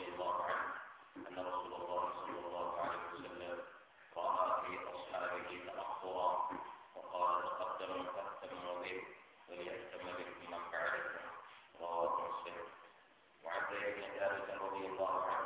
رضي الله عنه أن رسول الله صلى الله عليه وسلم رأى في أصحابه تأخرا وقال تقدم فاهتم به وليهتم بكم من بعدكم رواه مسلم وعن زيد بن ثابت رضي الله عنه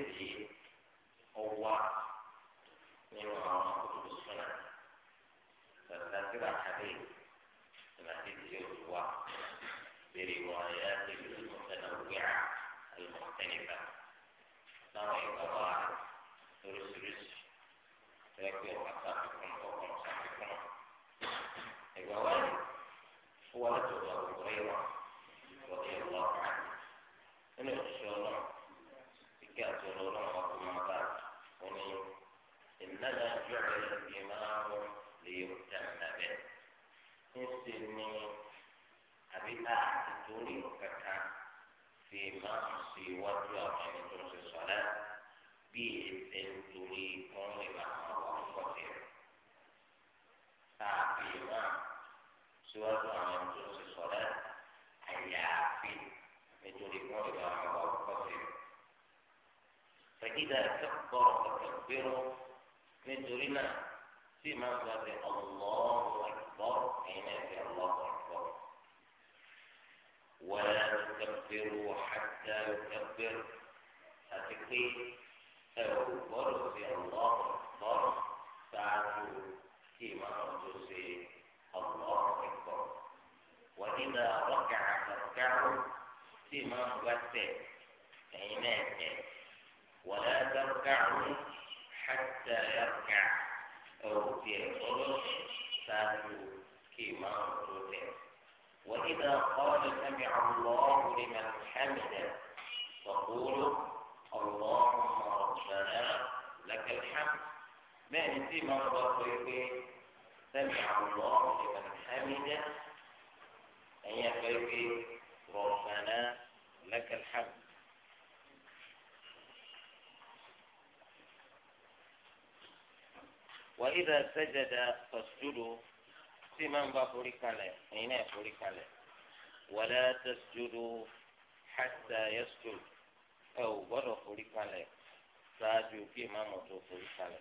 eléyìí ọwá nínú àwọn akókò sọ́nà tàbí àgbà kàdé ìlànà ìdílé olùwà bèrè wọn ẹ̀yà ìlú ìmọ̀tẹ́nà wíwá ìmọ̀tẹ́nìkà táwọn ìgbà wà lóríṣiríṣi ẹgbẹ́ ọ̀pá sàfikún ọkàn sàfikún ìgbà wáyé fún wa lọ́tọ̀ọ̀tọ̀. إنما جعل الإمام ليهتم به إنسني أبي أعطوني وكتا فيما سوى جامعة الصلاة بإذن تريكم لما وصفه فيما سوى جامعة الصلاة أيافي لتريكم لما وصفه فإذا كبر فكبروا nítorí náà tí màá sọ pé ọlọ́run ẹ̀gbọ́ ẹ̀yin ẹ̀gbọ́. ولا تكبروا حتى يكبروا أتكي أو في الله أكبر ساعته فيما رجل الله أكبر وإذا ركع فاركعوا فيما رجل أي ولا تركعوا حتى يركع ركوع الصبح فهو كما ركع وإذا قال سمع الله لمن حمده فقولوا اللهم ربنا لك الحمد ما ما مرة سمع الله لمن حمده أن يقول ربنا لك الحمد وإذا سجد فاسجدوا سمن بفرك له أين فرك له ولا تسجدوا حتى يسجد أو بر فرك له ساجوا في مامة فرك له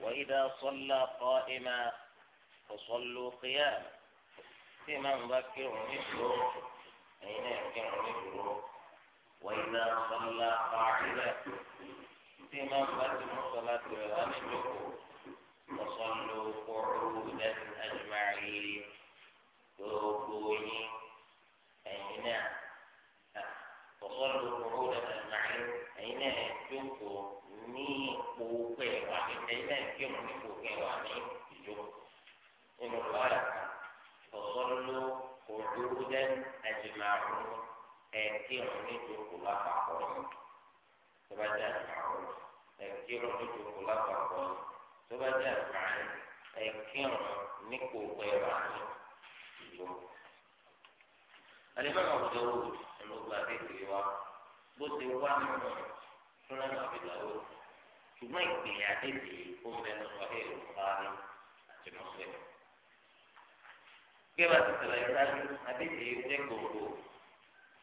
وإذا صلى قائما فصلوا قياما سمن بكر مثل أين يكر نشره وإذا صلى قاعدا سمن بكر صلاة الغنم وصلوا قعودا أجمعين توبوني أين وصلوا قعودا أجمعين أين جوكو ni kpokpe wa ni ɛyina kye mu ni kpokpe wa ni idzo inu lɔ la ɔsɔlɔ ɔdodo dɛ ɛdzimaru ɛkye mu ni dzoko la fa kɔ ɛbɛ dɛ ɛdzimaru ɛkye mu ni dzoko la fa kɔ tó bá jẹ́ àǹfààní ẹ̀ kírun nípò pẹ̀lú àmì ìlú. àlébàbà òjò ìmọ̀gbà tètè wa bó ti wá nínú súnlẹ̀ àbíláwò ṣùgbọ́n ìpìlẹ̀ àtẹ̀tẹ̀ ó mẹ́nu ọ̀hẹ́ ìrùkárì àti mọ́sẹ̀. gbẹ́bà ti sọ̀rọ̀ ìdájú àtẹ̀tẹ̀ jẹ́ gbogbo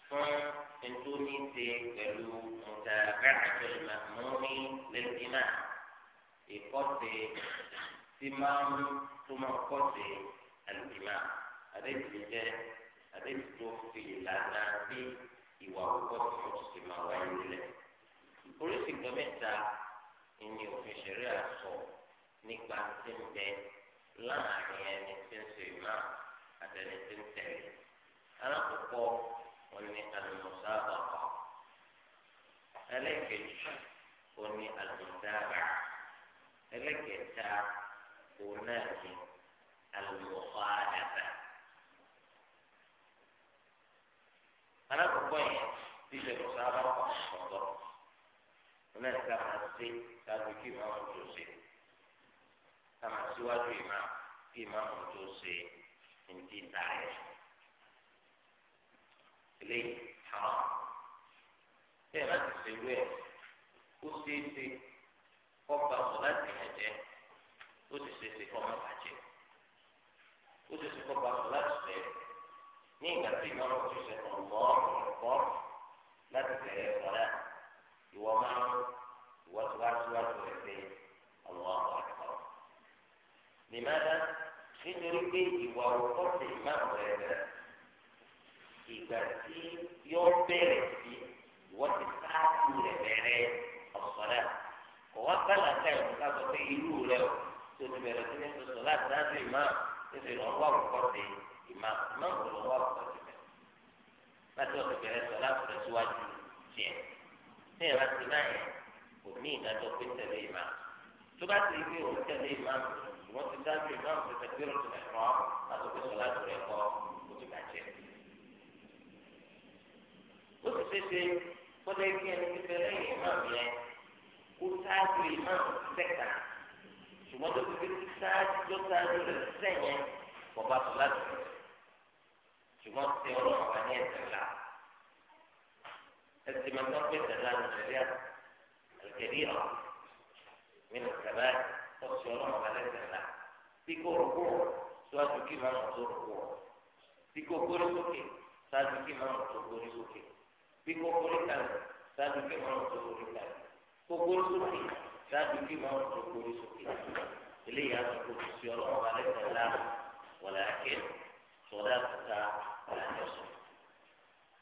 fún ẹ̀ńtó ní ṣe pẹ̀lú mọ̀tàbẹ́ àti ìmọ̀ mọ́mí lẹ́yìn náà ìkọ́sí tí máa ń tó máa kọ́sí àlùmíà àdéhùn jẹ́ àdéhùn tó fi ìlànà bí ìwà òkọ́ tó mú ti máa wáyé nílẹ̀. oríṣi nǹkan mẹ́ta ni òfin ṣẹ̀rí àsọ nípa tí ń bẹ láàrin ẹni tí ń ṣe ìmá àtẹni tí ń tẹ̀lé. alákòókò wọn ni àlùmọ̀sá àbàkọ́ ẹlẹ́ẹ̀kejì wọn ni àlùmọ̀sá àbàkọ́. ẹlẹ́kẹta òun náà ni alùpùpù àdàbà. alákòókò yẹn ti ṣe kò sábà kọ̀ ọ̀dọ́ òun náà ká máa ṣe sáájú kí ìmáà mú tó ṣe ká máa síwájú ìmáà kí ìmáà mú tó ṣe ní ti ta ẹ̀. eléyìí àwọn bẹ́ẹ̀ bá ti ṣe wú ẹ̀ ó ṣeé ṣe. kọba ọsọ láti ẹjẹ ó sì ṣe ṣe kọba bàjẹ́ ó sì ṣe kọba ọsọ láti ṣe ní ìgbà tí ìmọ̀ ọ̀rọ̀ ti ṣe ọ̀gbọ́ ọ̀gbọ́ láti bẹ̀rẹ̀ ọ̀rá ìwọ máa ń ìwọ tó wá síwájú rẹ̀ pé àwọn ọ̀rọ̀ ọ̀rọ̀ nìmọ́ra nítorí pé ìwà òkọ́ ti má bẹ̀rẹ̀ bẹ̀rẹ̀ ìgbà tí yọ bẹ̀rẹ̀ sí ìwọ ti sáájú rẹ̀ bẹ̀rẹ̀ ọ̀sọ̀rọ̀ ọwọ́ kálá ká ẹ̀ ká sọ pé irú rẹ o tó ti bẹ̀rẹ̀ sí ní sọ̀tọ̀ láti dájú ìmáà tó ti lọ wá òkọ́ sí ìmáà ìmáà kò lọ wá òkọ́ sí bẹ̀rẹ̀ láti ọ̀sẹ̀ bẹ̀rẹ̀ sọ láti rẹ̀ síwájú tiẹ̀ ní ìlà ti náà yẹ kò ní ìdájọ́ pé tẹ̀lé ìmáà tó bá ti gbé òun tẹ̀lé ìmáà wọ́n ti dájú ìmáà tó ti gbé òun sọ láti rẹ̀ kọ́ ó ṣáájú ìmọ̀ sẹ́kà ṣùgbọ́n tó ti fi ṣáájú tó ṣáájú rẹ̀ sẹ́yìn bọ̀bá tó láti rẹ̀ ṣùgbọ́n ti ọlọ́run wà ní ẹ̀sẹ̀ ńlá ẹ̀sìn máa ń tọ́ pé ẹ̀sẹ̀ ńlá ní nàìjíríà àlùkẹ́rì ọ̀ nínú ìṣẹ̀lẹ̀ ọ̀sẹ̀ ọlọ́run wà lẹ́sẹ̀ ńlá tí kò rò kúrò síwájú kí máa mọ̀ tó rò kúrò tí kò gbórí sókè ṣáájú kí máa mọ̀ tó gbórí sókè tí kò gbogbo sókè láti bí wọn tó gbórí sókè eléyìí àti gbogbo sí ọlọ́run wa lẹ́sẹ̀ láàmú wọlé akẹ́ sọdá ta ìlànà sọ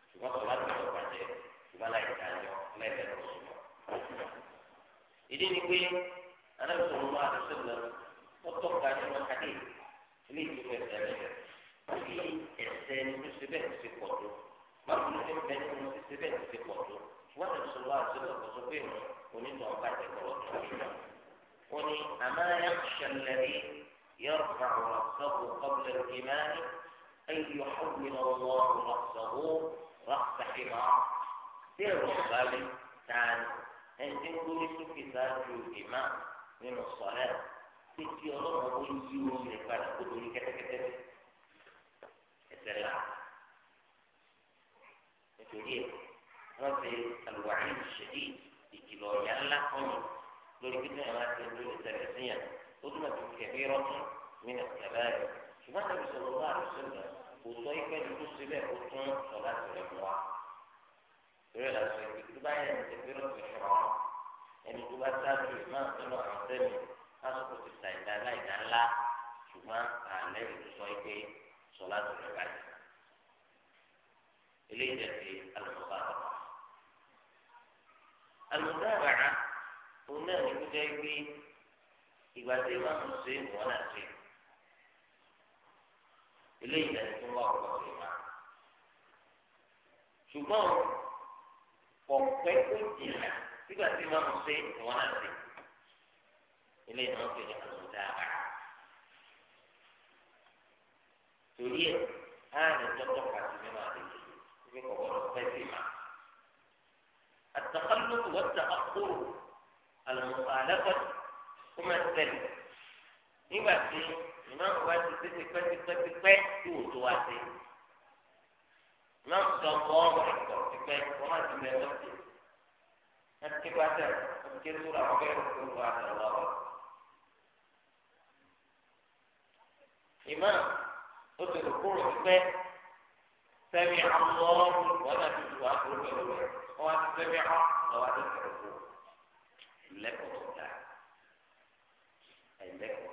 ṣùgbọ́n sọlá ti sọ pàjẹ́ ìgbà láì ta yọ lẹ́sẹ̀ lọ sọ. ìdí ni pé anábìsọ̀rọ̀ máa ti sọ̀rọ̀ wọ́n tọ́ka nínú kadé ilé ìtura ẹ̀sẹ̀ rẹ̀ kí ẹ̀sẹ̀ ní tó ṣe bẹ́ẹ̀ ti pọ̀ tó báwo ló ṣe bẹ́ẹ̀ ṣe bẹ́ẹ̀ ti pọ̀ tó wọ́n ti sọ̀rọ̀ àti sọ̀rọ̀ ونسوا بعد التوكل وني أما يخشى الذي يرفع رأسه قبل الإمام أن يحول الله رأسه رأس حمار سير بالي تعالى أن تقول كتاب ذات الإمام من الصلاة تجي الله ويجيوني لفاتح قدوني كتكتك السلام تجيب رد الوعيد الشديد ìlọ̀ọ̀yà ńlá fún mi lórí kíkẹ́ ẹ̀ máa ti ń lórí ìṣẹ̀lẹ̀ síyàn ó túmọ̀ sí kẹ̀mí rọ́tún mí nà kẹ̀lá rẹ̀ ṣùgbọ́n àti ìṣòro bá àrùn sílẹ̀ kò sọ ikú ẹni tó ṣe bẹ́ẹ̀ kó tún sọ̀lá tẹ̀lé mu wa. ìrẹ́ la sọ èyí tó bá yẹn ti fi rọ́tún ṣọ̀ ẹni tó bá sáájú ìmáà nínú àwọn sẹ́mi lásìkò àlùmọ́tàrà òun náà ní kújẹ́ gbé ìgbà tí wọ́n mú sí wọn náà sí eléyìí náà tún wà ọ̀pọ̀ sí ma ṣùgbọ́n ọ̀pẹ́ tó jìnnà sígbà tí wọ́n mú sí wọn náà sí eléyìí náà fi ní àlùmọ́tàrà torí ẹ̀ á ní tọ́tọ́ pàṣẹ nínú àdéhùn ìfikọ̀wé ọ̀pẹ́ sí ma. التخلف والتأخر المخالفة وما تتلي إما في إما هو تتلي فتي فتي فتي فتي وتواتي نعم كالله أكبر تكاي وما تتلي فتي نتكي فتي نتكي سورة عبير وكي وعلى الله أكبر إما تتلي فتي فتي سمع الله ولا تتلي فتي فتي wọ́n á ti tẹ́ mẹ́kọ́ lọ́wọ́ á ti tẹ̀ fún un. ẹ̀lẹ́kọ̀ọ́ tó dáa ẹ̀lẹ́kọ̀ọ́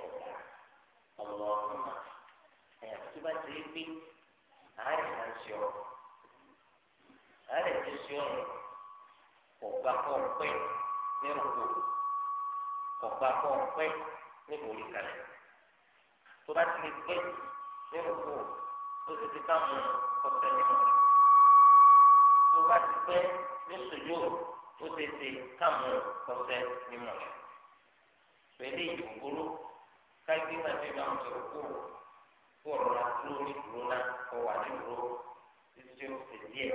tó dáa ọmọ ọmọ ẹ̀yà tó bá ti rí pé àárẹ̀ máa ń ṣe ọ àárẹ̀ tó ṣe ọ ọ̀gbà kọ̀ ọ̀pẹ́ ní òkú ọ̀gbà kọ̀ ọ̀pẹ́ ní ìwòye kalẹ̀ tó bá ti rí ní òkú ó ti ti ká mú ọ̀sẹ̀ nìkan tó bá ti pẹ́ ní sùjú ó ti ti káàmù kọsẹ̀ mímọ̀ pẹ̀lú ìdòkúrú kájí náà ti máa ń sọ̀rọ̀ kó kó rọra dúró ní dúró náà kó wà ní dúró títí tí ó ti díẹ̀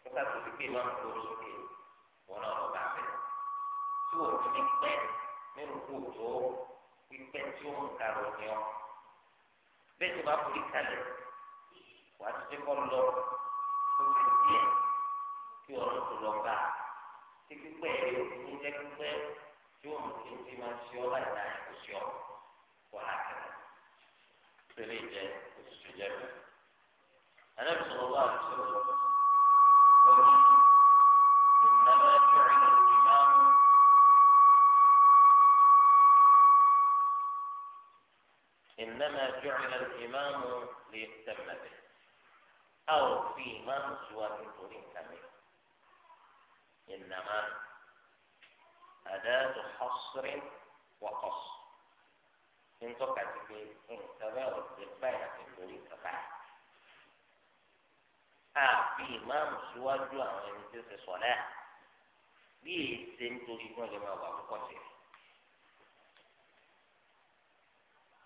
kó sáà tó ti gbé máa ń tó sókè wọn náà lọ bá tí ò ní pẹ́ nínú kó tó pípẹ́ tí ó ń karọ̀ ní ọ bẹ́ẹ̀ tó bá forí kalẹ̀ wàá ti tẹ́kọ̀ lọ kó ti díẹ̀ kí ọ̀rọ̀ tó lọ bá tí pípẹ́ yóò ní jẹ́ pípẹ́ tí ó mú ti máa ṣe ọ́ láì náà kò ṣe ọ́ wà á kẹ́lẹ́ pẹ̀lẹ́ jẹ́ òṣìṣẹ́ jẹ́ mi. Ànábì sọ̀rọ̀ bá àti sọ̀rọ̀ ọ̀rọ̀ ìnáwó ẹ̀jọ̀ ìnáwó ìnáwó. إنما جعل الإمام ليهتم به أو في إمام سوى في طريق كامل إنما أداة حصر وقصر إن تقعد في تباوت بين الدنيا آه في إمام سوى جوا من تلك الصلاة بي سمت لكم جماعة بعض قصير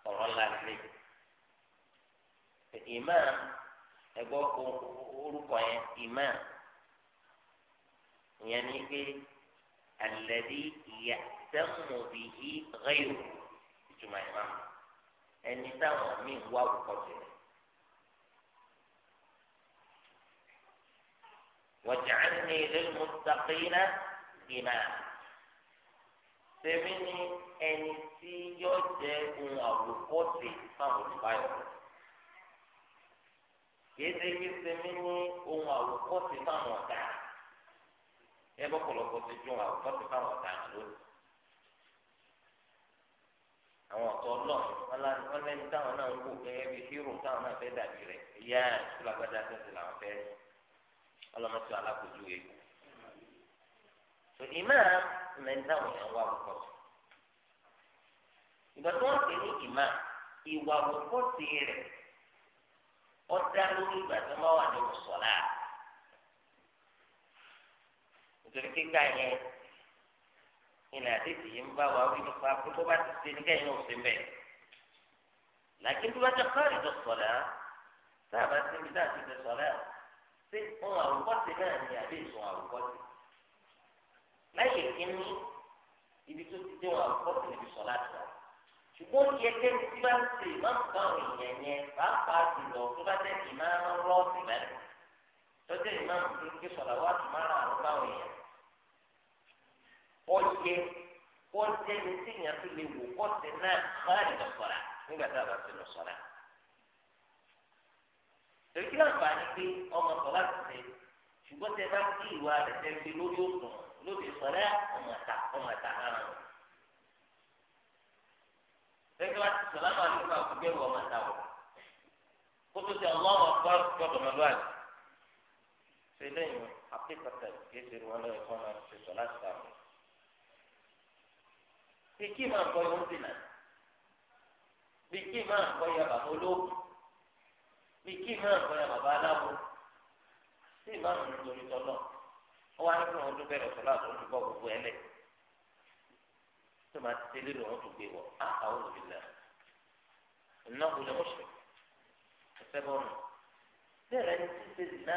فرغل الله عليك الإمام أقول لكم إمام ìyẹn ní pé alladhi yahtamu bihi ghayru ìtumọ̀ ìmọ̀ ẹni táwọn míì wá òkò tẹ̀lé. waj'alni lilmuttaqina ìmáà tèmi ni ẹni tí yóò jẹ ohun àwòkọ́sì fáwọn olùbáyọ̀ kìí ṣe kí tèmi ni ohun àwòkọ́sì fáwọn ọ̀daràn ẹ bọ́ pọ̀lọpọ̀ ti dùn àwọn tọ́tù fáwọn ọ̀daràn lónìí. àwọn ọ̀tọ̀ náà wọ́n lẹ́nu táwọn náà ń wò gẹ́gẹ́ bí hírò táwọn náà fẹ́ dàbí rẹ̀ ìyá ìtúlágbádá tẹ̀sí làwọn fẹ́ ọlọ́mọsọ alákòjú yẹ. ìmọ̀ mẹ́ni táwọn yẹn wà wọ́pọ̀ sí. ìgbà tí wọ́n pè ní ìmọ̀ ìwà wọ́pọ̀ sí rẹ̀ ọ̀dà lórí ìgbà tí wọ́n wà ní mùsọ̀lá nítorí kíkà yẹn ìlànà àdéhùn yìí ń bá wa wí nípa pé tó bá ti ṣe ní kẹ́yìn òsè mbẹ́ làkín tó bá jẹ kọ́ọ̀rì tó sọ̀rọ̀ á tá a bá ti ń bí dáa ti fi sọ̀rọ̀ á sí ohun àwòkọ́sí náà ni àbí ìsùn àwòkọ́sí láyé kínní ibi tó ti dé ohun àwòkọ́sí níbi sọ̀rọ̀ àti náà ṣùgbọ́n yẹ kẹ́ni tí bá ń ṣe ìmáàmù báwọn èèyàn yẹn pàápàá jùlọ tó bá jẹ́ ìmáàmù rọ́ọ̀sì mẹ́rin tó jẹ́ ìmáàmù ọyẹ kọ́tẹ́ ní tíyàn tó lè wò kọ́tẹ́ náà máàlì lọ́sọ̀rà nígbà tá a bá ti lọ́sọ̀rà. èyí àǹfààní pé ọmọ sọ̀rọ̀ ti ṣe ṣùgbọ́n tẹ bá kí ìwà rẹ̀ tẹ́ fi lórí òkun lóde sọ̀rọ̀ ọmọ ta ọmọ ta ara rẹ̀. lẹ́yìn wá ti sọ̀rọ̀ àwọn àlùfáà kò gbẹ̀rù ọmọ ta wọ̀ kótó ti ọlọ́wọ́ kọ́ gbọ́dọ̀ mọ́lúwàlì. ṣe lẹ́yìn àpékọ̀tà kì í ṣe wọn lọ́yẹ̀ fún ọmọ ṣe sọ̀rọ̀ bí kí máa kọ́ yóò dènà bí kí máa kọ́ ya bàbá olóògùn bí kí máa kọ́ ya bàbá aláwo sí ìmáàmù nítorí tọ́lọ̀ ó wá nínú ọdún bẹ̀rẹ̀ sọ́lá tó ń bọ̀ gbogbo ẹ̀ lẹ̀ tó máa ti tẹ́lẹ̀ lọ́wọ́ tó gbé wọ̀ á àwọn òbí là iná wulẹ̀ ọ̀ṣẹ̀ ẹ̀fẹ́ bọ́ọ̀nù bẹ́ẹ̀rẹ̀ ní ti ṣe dìná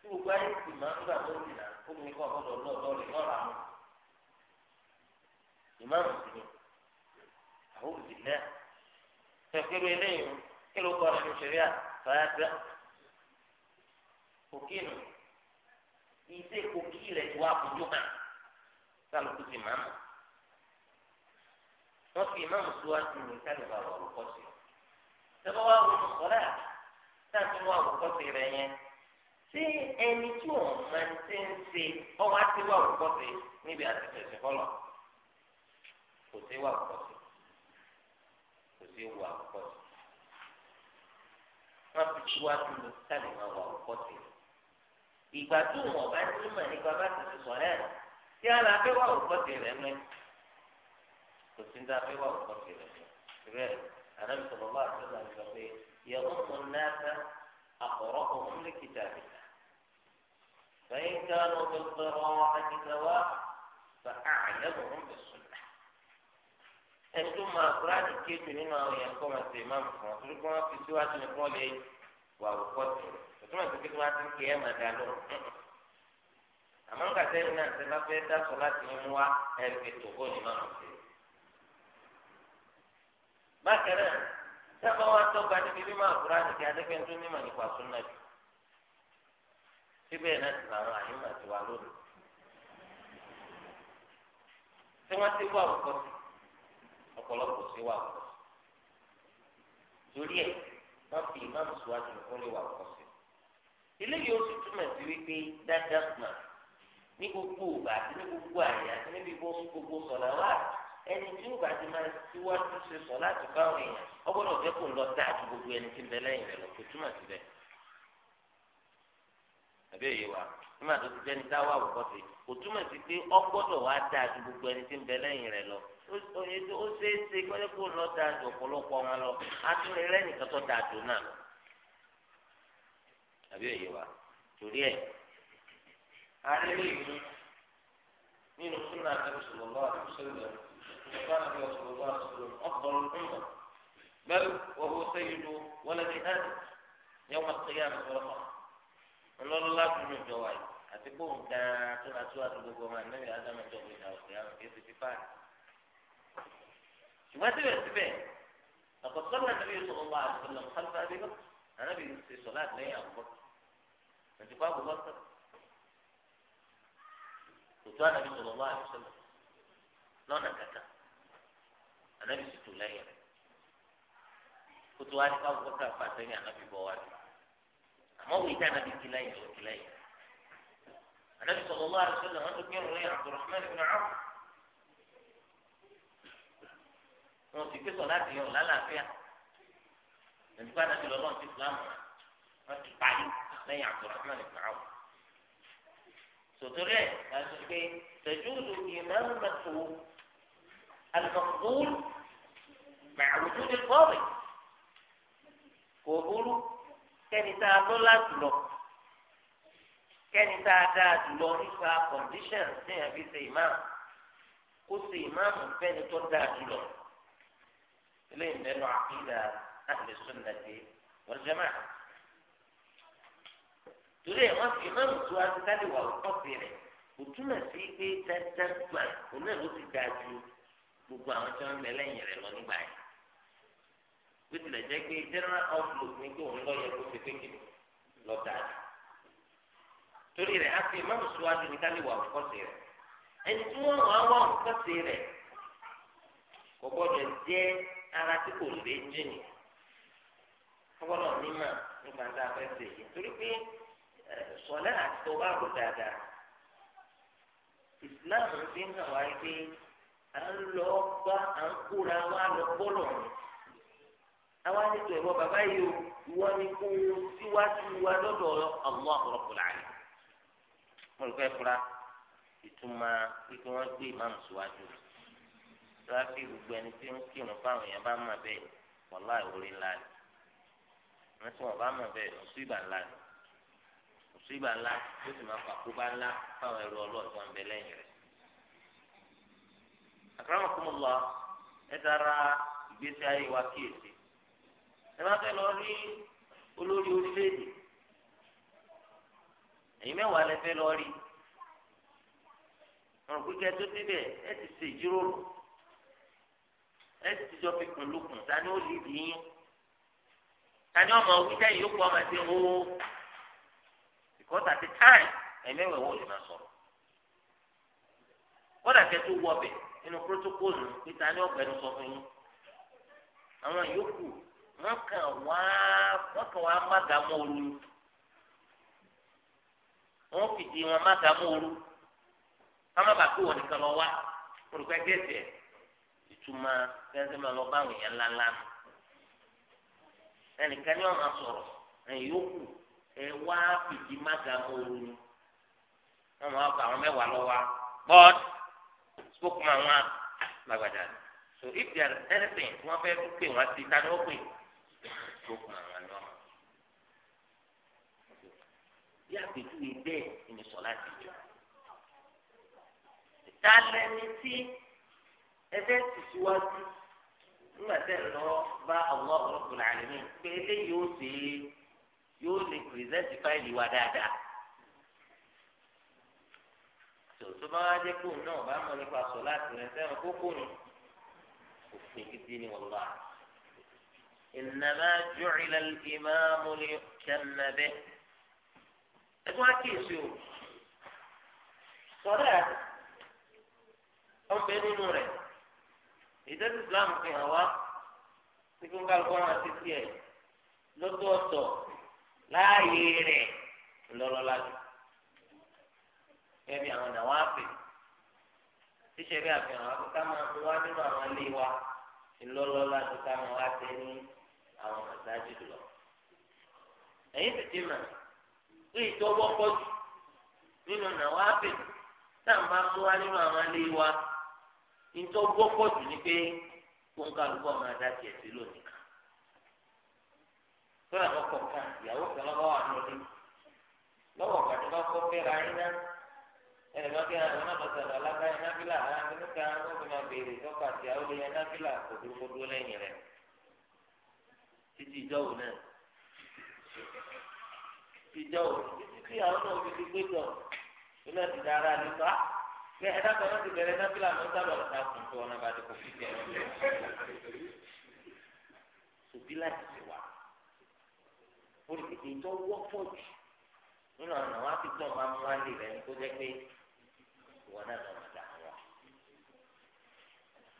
tí gbogbo ayé ti máa ń gbà lórí dìná ó ìmáàmù sí ni àwọn òbí náà fẹkẹrù eléyìí kí ló kọ ọdún ṣẹlẹ̀ fàáta kòkínù ìṣe kòkí rẹ ti wá àbújọ hàn sálùkù ti máa mọ wọn fi ìmáàmù síwájú ní kálíbà wà lóko sí i ṣẹlẹ̀ wà lóko sọlá táàbí wà lóko sí rẹ yẹn ṣé ẹni tí òun máa ń ṣe ń ṣe ọwọ́ á wà lóko sí níbi àtẹ̀tẹ̀ sí fọlọ́. kò sí wà pọ̀sí kò sí wà pọ̀sí wọ́n fi síwájú ní sáré kí wà pọ̀sí ìgbà tó wọn bá ní mọ̀ nípa bá ti kò sí tí a lọ fẹ́ wà pọ̀sí rẹ̀ mẹ́ kò sí ní a fẹ́ wà pọ̀sí rẹ̀ mẹ́ rẹ̀ àná mi sọ̀rọ̀ bá a sọ̀rọ̀ àti sọ pé yẹ̀wò mọ̀ náà ká àkọ̀rọ̀ ọ̀hún lè kìjà kìjà فإن كانوا بالقراءة سواء فأعلمهم بالصلاة ẹni tó máa kúránì kéjù nínú àwọn èèyàn kọ́ máa ṣe máa fún wọn torí kí wọ́n fi síwájú ní kọ́ lè wà òkọ́ tì òtún àti pé kí wọ́n á ti ń kẹ́ ẹ̀ máa dá lọ. àmọ́ nígbà tẹ́lẹ̀ náà ṣe bá fẹ́ dáṣọ láti mú wa ẹ̀rì pé tòkó ni máa ṣe. bákan náà sábà wá tọ́gbà níbi bí máa kúránì kí adẹ́gbẹ́ tó nímọ̀ nípa súnà jù síbẹ̀ náà ti ọ̀pọ̀lọpọ̀ sí wà kọ́ torí ẹ̀ má fi ìmáàmù síwájú fún lè wà kọ́ sí. eléyìí ó sì túmọ̀ sí wípé dáadáa mà ní gbogbo ògbà àti ní gbogbo àyè àti níbi gbogbo na wà ẹni tí ó bá máa síwájú ṣe sọ láti báwọn èèyàn ọgbọ́dọ̀ jẹ́ kó lọ gbogbo ẹni tí ń bẹ lẹ́yìn lọ kó túmọ̀ àbí èyí wa nígbà tó ti àwòkọ́ ti kò túmọ̀ sí pé ọgbọ́dọ̀ wá dáa ju gbogbo ẹni tí ń bẹ lẹ́yìn rẹ̀ lọ ó ṣe é ṣe kọ́lé kó lọ dáa ju ọ̀pọ̀lọpọ̀ wọn lọ átúnlé rẹ́nìkan tó dáa tó náà àbí òye wa torí ẹ̀ àrílẹ̀ ìlú nínú súnà àtẹ̀sọ̀lọ́lá àtẹ̀sọ̀lọ́ nípa àti ọ̀sọ̀lọ́lá àtẹ̀sọ̀lọ́ ọ̀pọ̀lọ́ ńlọ bẹ́ẹ̀ wọ́n wọ́n sẹ́yìn lu wọ́n lẹ́ni àti kó nǹkan tó náà tó àti gbogbo ọmọ ànábì ádámù tó gbé ìdá òkè àwọn kìí ti fi fáàlì. ṣùgbọ́n síbẹ̀síbẹ̀ ọ̀kọ̀tọ́ náà nàbí yóò sọ̀rọ̀ wá àbúrò lọ́wọ́ kálífà àdébọ̀ ànábì yóò ṣe sọ̀lá àtìlẹ́yìn àbúrò òtùkọ́ àbúrò sọ̀rọ̀ òtù ànábì sọ̀rọ̀ wá àbúrò lọ́nà kàkà ànábì sì lẹ́yìn rẹ̀ kótó wá ní káwọn kọ́kọ́ àfàsẹ́yìn ànábì النبي صلى الله عليه وسلم عنده اثنين رؤيا عبد الرحمن بن عوف هو في قصة لا في لا لا فيها من كان في الأرض في إسلام عبد الرحمن بن عوف سوتري لكن تجوز إمامة المقبول مع وجود القاضي قبول كان يتعامل لك تلوك kẹ́ni dáadáa jùlọ nípa condition sẹ́yìn àbí ṣe ìmáàmù kó ṣe ìmáàmù fẹ́ni tó dáa jùlọ. eléyìí lẹ́nu àkídà ahli sunnati wal jama'a. torí ẹ̀ wọ́n fi ìmáàmù tó adúgbàdì wà lọ́pọ̀ bẹ̀rẹ̀ kò túmọ̀ sí pé dáadáa gbà òun náà ló ti dáa ju gbogbo àwọn tí wọ́n ń bẹ lẹ́yìn rẹ̀ lọ nígbà yẹn. bí tilẹ̀ jẹ́ pé general outlook ní kí òun lọ yẹ kó ṣe pé kí torí rẹ̀ àti ìmáàmù síwájú ní kálí wà òkọ́sí rẹ̀ ẹni tí wọ́n wà wà òkọ́sí rẹ̀ kò gbọ́dọ̀ jẹ́ ara tí kò lè n'i fọwọ́dọ̀ nímà nípa tá a fẹ́ ṣe yìí torí pé sọlá àti tó bá rò dáadáa Islam ń hàn wáyé pé à ń lọ bá à ń kóra wa lọ ni bàbá yìí o ìwọ ni kó o síwájú wa mo rò pé fura ìtumọ̀ pípé wọ́n gbé ìmáàmù síwájú tíráfì gbogbo ẹni tí ń kírun fáwọn èèyàn bá mọ̀ bẹ́ẹ̀ wọ́lá ìwúrí ńlá ni wọ́n tí wọ́n bá mọ̀ bẹ́ẹ̀ mùsùlùmí ńlá ni mùsùlùmí ńlá tó sì máa fàkóbá ńlá fáwọn ẹrú ọlọ́ọ̀ tó ń bẹ lẹ́yìn rẹ̀. akramakumullah ẹ dára ìgbésí ayé wa kíyèsí ẹ má fẹ́ lọ rí olórí orílẹ̀-èdè ẹ̀yin mẹ́wàá lẹ fẹ́ lọ rí wọn kú kẹ́ tó débẹ̀ ẹ ti ṣe ìjíròrò ẹ ti jọ fi kùn lukùn tani ó lè dín yín tani ọmọ wí sẹ́yìn yóò kọ́ ọmọ ẹsẹ̀ o because at the time ẹ̀yin mẹ́wàá wọ́n lè máa sọ̀rọ̀ wọ́n dàkẹ́ tó wọ ọbẹ̀ nínú protocol nù pé tani ọ̀gbẹ́ni sọ fún yín àwọn yòókù wọ́n kàn wá wọ́n kàn wá má gàmọ́ olú wọn fìdí wọn má dààmú ooru kámá bàtú wọn nìkan lọ wá olùkọ́ gẹ̀ẹ́sì ẹ̀ ìtumọ̀ máa lọ bá àwọn èèyàn ńláńlá nù ẹnìkan ní wọn máa sọ̀rọ̀ ẹ̀yìn yòókù ẹ wá fìdí má dààmú ooru ni wọn máa fọ àwọn mẹ́wàá lọ wá bọ́ọ̀d spoke wá lágbàdà so if there is anything wọn fẹ́ pè wọn sí tani ó pè spoke wá ni bẹ́ẹ̀ ni sọlá ti jọ talẹni tí ẹfẹ ti síwájú nígbà tẹ lọ bá Allah Rabbul Alamin pé eléyìí ó ṣe yóò lè pírẹsẹ̀tì fáìlì wa dáadáa tòótọ́ bá wá jẹ́ kóun náà bá mọ̀ nípa sọ láti rẹ̀ sẹ́wọ̀n kókó nù òfin gidi ni wọ́n wá. إنما جعل الإمام ليؤتم به ẹ̀gbọ́n àkíyèsí o sọlẹ ọbẹ nínú rẹ ìdẹ́sí islam fi hàn wá tí kò ń ká lọ́wọ́ àti tiẹ̀ lọ́tọ̀ọ̀tọ̀ láàyè rẹ̀ ńlọ́lọ́lájú ẹbí àwọn náà wá pè tíṣe bí àfihàn wá ká máa mú wá nínú àwọn ilé wa ńlọ́lọ́lájú ká máa wá tẹ ní àwọn àtàjù lọ. ẹ̀yin ti dì mọ̀ èyí tó wọ́pọ̀ jù nínú nàwáàbì náà máa mú wa nínú àwọn alẹ́ wa èyí tó wọ́pọ̀ jù ni pé kóńkàlùkọ́ máa dá tiẹ̀ sí lónìí kan tó làwọn kọ̀ọ̀kan ìyàwó kan lọ́wọ́ wà lórí lọ́wọ́ pàtó bá kọ́ fẹ́ ra yín náà ẹnìkan kí àwọn ọlọ́pàá sọ̀rọ̀ alágbáyé nábìlà àwọn nípa wọn fi máa béèrè tọ́ka àti àwọn olóyè nábìlà kòdúkòdú lẹ́yìn rẹ̀ títí ìjọ́wò náà ìjọ òní títí tí àwọn náà fi di péjọ iná ti dára nípa kí ẹ dákọ̀ náà ti bẹ̀rẹ̀ nábìlà ló sábà lọ́ta kùn tó ọ̀nà àbàdì kò fi jẹ òbí láti ti wà olùkèdè tó wọ́pọ̀ jù nínú ọ̀nà wọn á fi tọ́ ọba mú wálé rẹ kó jẹ́ pé ìwọ náà lọ́mọdé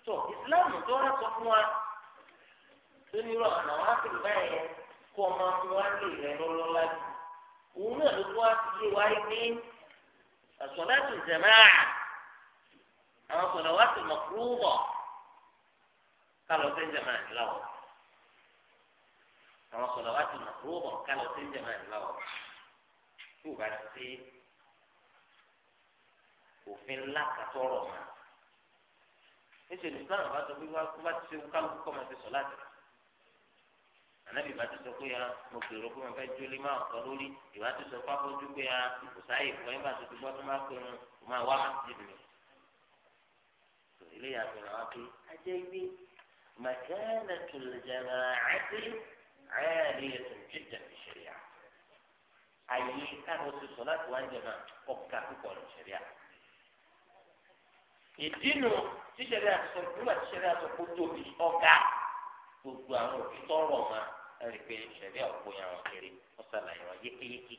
tó islam tó wá sọ fún wa tó ní ìrọ̀ ọ̀nà wá sí báyẹn kó ọmọ fún wa lè rẹ lọ́lọ́lá jù òun náà ló tún wá sí wa ní àsọ̀láṣù jàmáà àwọn sọ̀rọ̀ wá sí mọ̀kúrúbọ̀ kálọ̀ sí jàmáà láwọ̀ àwọn sọ̀rọ̀ wá sí mọ̀kúrúbọ̀ kálọ̀ sí jàmáà láwọ̀ tí ò bá sí òfin ńlá kàtọ́rọ̀ mọ́ níṣẹ́ ní Islam bá sọ pé wọ́n bá ti ṣe kálukú kọ́ máa ti sọ̀ láti anabi ìbá ti sọ pé ya ah, mo gbèrò pé mo fẹ́ jólé máa kọ́ lórí ìbá ti sọ pápọ́ ojú pé ya ah, kò sáyè fún ẹ̀ bá ti ti gbọ́ tó máa pè wọn kò máa wá máa ti dì mí. eléyà fi hàn wá pé ajẹ́ ibi màkàna tòlùjàmà àti àyàlẹ́ ẹ̀sùn jíjà fi ṣẹlẹ̀ àyè káàkó ti sọ láti wá jẹ náà ọ̀ka púpọ̀ ní ṣẹlẹ̀ ìdínú tíṣẹlẹ̀ àti sọ nígbà tíṣẹlẹ̀ àti sọ kó tóbi ọ̀gá gbogbo àwọn òbí tọrọ máa ẹ̀rí pé ṣẹ̀rí àpò yẹn àwọn kiri wọ́n ṣàlàyé wọn yékéyéké.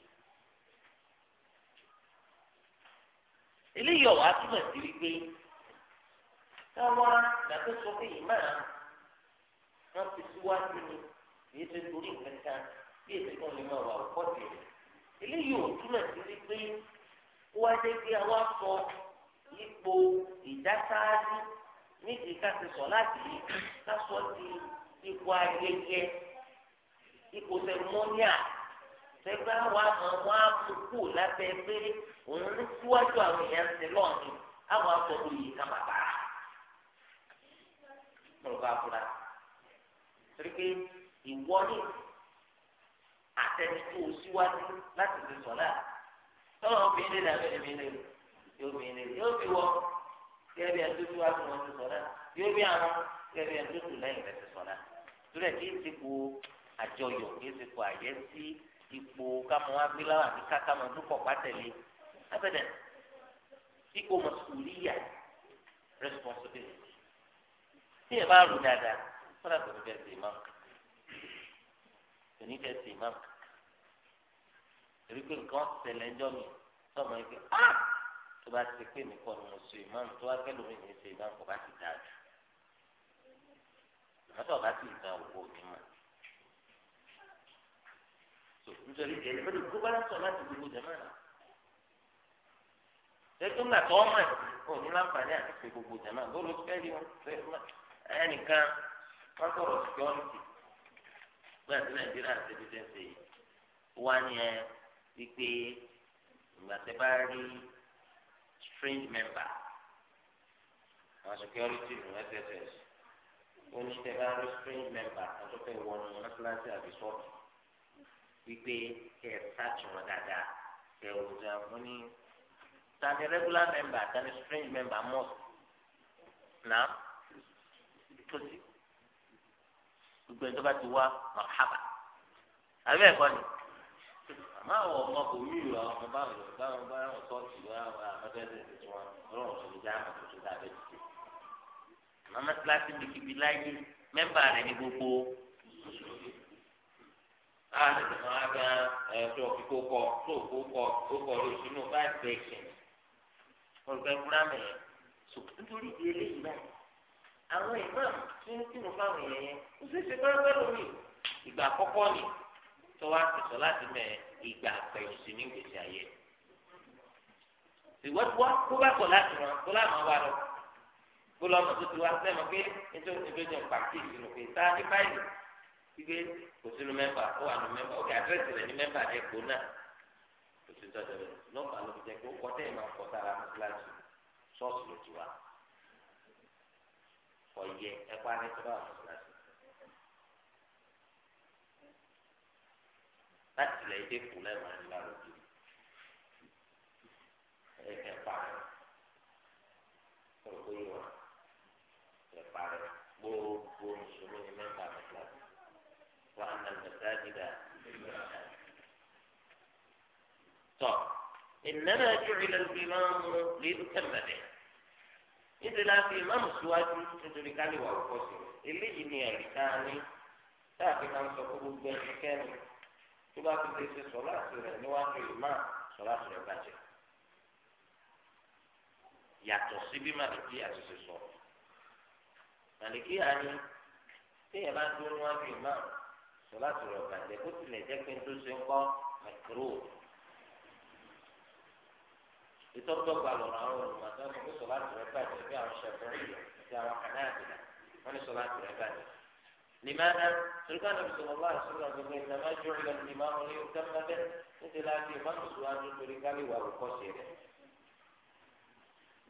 eléyìí ọ̀wá túmọ̀ sí wípé táwa dàbí sọ pé ìmáà wọn ti síwájú ni èyí tó torí nǹkan kan bí èsì kan lè máa wà ọ̀pọ̀ tẹ̀lé. eléyìí ò túmọ̀ sí wípé wọ́n á dé bí àwa sọ ipò ìdásáájú nídìí ká ti sọ láti ká sọ di ipò ayẹyẹ ipò sẹmọ́níà sẹgbẹ́ wa mọ̀ wọ́n á mú kú lábẹ́ pé òun ń síwájú àwọn èèyàn ti lọ́ọ̀ni àwọn afọ́dún yìí ká bàbá rà. mo rò bá a fura torí pé ìwọ ni àtẹnudú síwájú láti fi sọ̀lá tọ́lọ́ fi ń lélẹ̀ abẹ́rẹ́ mi lé yóò fi ń lélẹ̀ yóò fi wọ́ kẹ́ẹ́ bí ẹni tó wọn ti sọ̀lá yóò fi àwọn kẹ́ẹ́ bí lẹ́yìn rẹ̀ ti sọ̀lá torí kí n ti kú àjọyọ̀ kí ẹsẹ̀ kọ àyẹ́ sí ipò kámọ́ agbéláwà ní kákámọ́ dúpọ̀ pátẹ̀lé abẹ́dẹ̀ ipò mọ̀sùlùmíyà responsibility tí ẹ bá rò dáadáa wọ́n dàgbà tó fẹ́ẹ́ sèé máa kò ní fẹ́ẹ́ sèé máa torí pé nǹkan ṣẹlẹ̀ ńjọ́ mi sọ́mọ ẹgbẹ́ á tó bá ti pé mi kọ́ ni mo sèé máa tó wá kẹ́lò mi ní sèé máa kò bá ti dáa jù lọ́sọ̀ bá ti gbà owó mi mọ́ so nítorí ìdílé ó lè kó bá sọ láti gbogbo jẹ mẹ́rin tẹ́tún gbà tọ́ mọ̀ ẹ̀ ní láǹfààní àti pé gbogbo jẹ náà lórí fẹ́ rí wọn ẹnìkan wọ́n sọ̀rọ̀ security gbà tí nàìjíríà ti fi sẹ́sẹ̀ yìí wá ní ẹ wípé ìgbà tẹ́ bá rí strange member àwọn security ní sss ó ní tẹ́ bá rí strange member àtọ́fẹ́ wọnú mọ́tíláṣí àbí sọ́ọ̀tù wípé kẹ ẹ sáàtì wọn dáadáa kẹ ẹ wòjọ àwọn ní tani regular member tani strange member mosque náà tòsí gbogbo ẹjọ́ bá ti wá mahaba àbí ẹ̀kọ́ ni àmọ́ àwọn ọmọ kò ní ìlú àwọn ọmọ báwọn ìlú báwọn báwọn sọ́ọ̀tì wá àbẹ́bẹ́ ẹ̀sìn tí wọ́n ọlọ́run tó lè dá àwọn tuntun dábẹ́ ti ṣe. àmọ́ mẹ́tíláṣí bíi kíbi láyé mẹ́mbà rẹ̀ ní gbogbo a ti mọ aga ẹtọ kíkó kọ tó kó kọ tó kọ ló sínú five sections olùkọ́ ìfúnra so nítorí di eléyìí báyìí àwọn imam tí ń kírun fáwọn èèyàn yẹn ó sì ṣe pẹ́ẹ́pẹ́ lórí ìgbà àkọ́kọ́ ni tó wá ti sọ láti mẹ ìgbà àpẹ̀yìn sí ní gbèsè ayé ìwọ́n wá kó bá kọ̀ láti wọn kó láwọn wá lọ kó lọ́mọ tó ti wá sẹ́mọ̀ pé nítorí ìgbésẹ̀ pàkíyèsí ló pé sáà ní báyìí gbígbé kò sínú mẹ́mbà ó wà nù mẹ́mbà òkè àdírẹ́sì rẹ̀ ní mẹ́mbà jẹ́ kó náà kò sí tọ́jú rẹ̀ nọ́mbà ló fi jẹ́ pé ó kọ́ tẹ́yìn máa kọ́ sára mọ́síláṣí ṣọ́ọ̀ṣì ló ti wá ọ̀yẹ ẹ̀pá ní tó bá mọ́síláṣí. láti ilẹ̀ èdè kù lẹ́ẹ̀mọ́ ní lárugẹ ẹ̀pá rẹ̀ kọ̀ọ̀kọ̀ yìí wá ẹ̀pá rẹ̀ gbòòrò. tọ ìnáná jùlọ lórí máa mú lẹ́nu tẹ̀mẹ̀lẹ̀ níbi láti ìmáàmù síwájú nítorí kálí wà lọ́kọ̀ sí eléyìí ni ẹ̀rí táa ní táàbí máa ń sọ fún gbogbo ẹni kẹ́ni tó bá fi lè ṣe sọ̀láàtì rẹ̀ níwájú ìmáà sọ̀láàtì rẹ̀ bàjẹ́ yàtọ̀ sí bí màlìkí àṣìṣe sọ màlìkí àní téèyàn bá dúró níwájú ìmáà sọ̀láàtì rẹ̀ bàjẹ́ kó tilẹ̀ jẹ́ pé ń tó ṣe ń kọ́ mẹ̀kúrò ìtọ́gbọ́gba lọ́rọ̀ àwọn olùmọ̀tọ́ ní sọlá tìrẹ bàjẹ́ bí àwọn ṣẹ̀fẹ̀rì àti àwọn kanáàbìlà wọ́n ní sọlá tìrẹ bàjẹ́. لماذا؟ تلقى النبي صلى الله عليه وسلم يقول إنما جعل الإمام ليهتم به مثل هذه من سؤال تلقى لي وأرقصه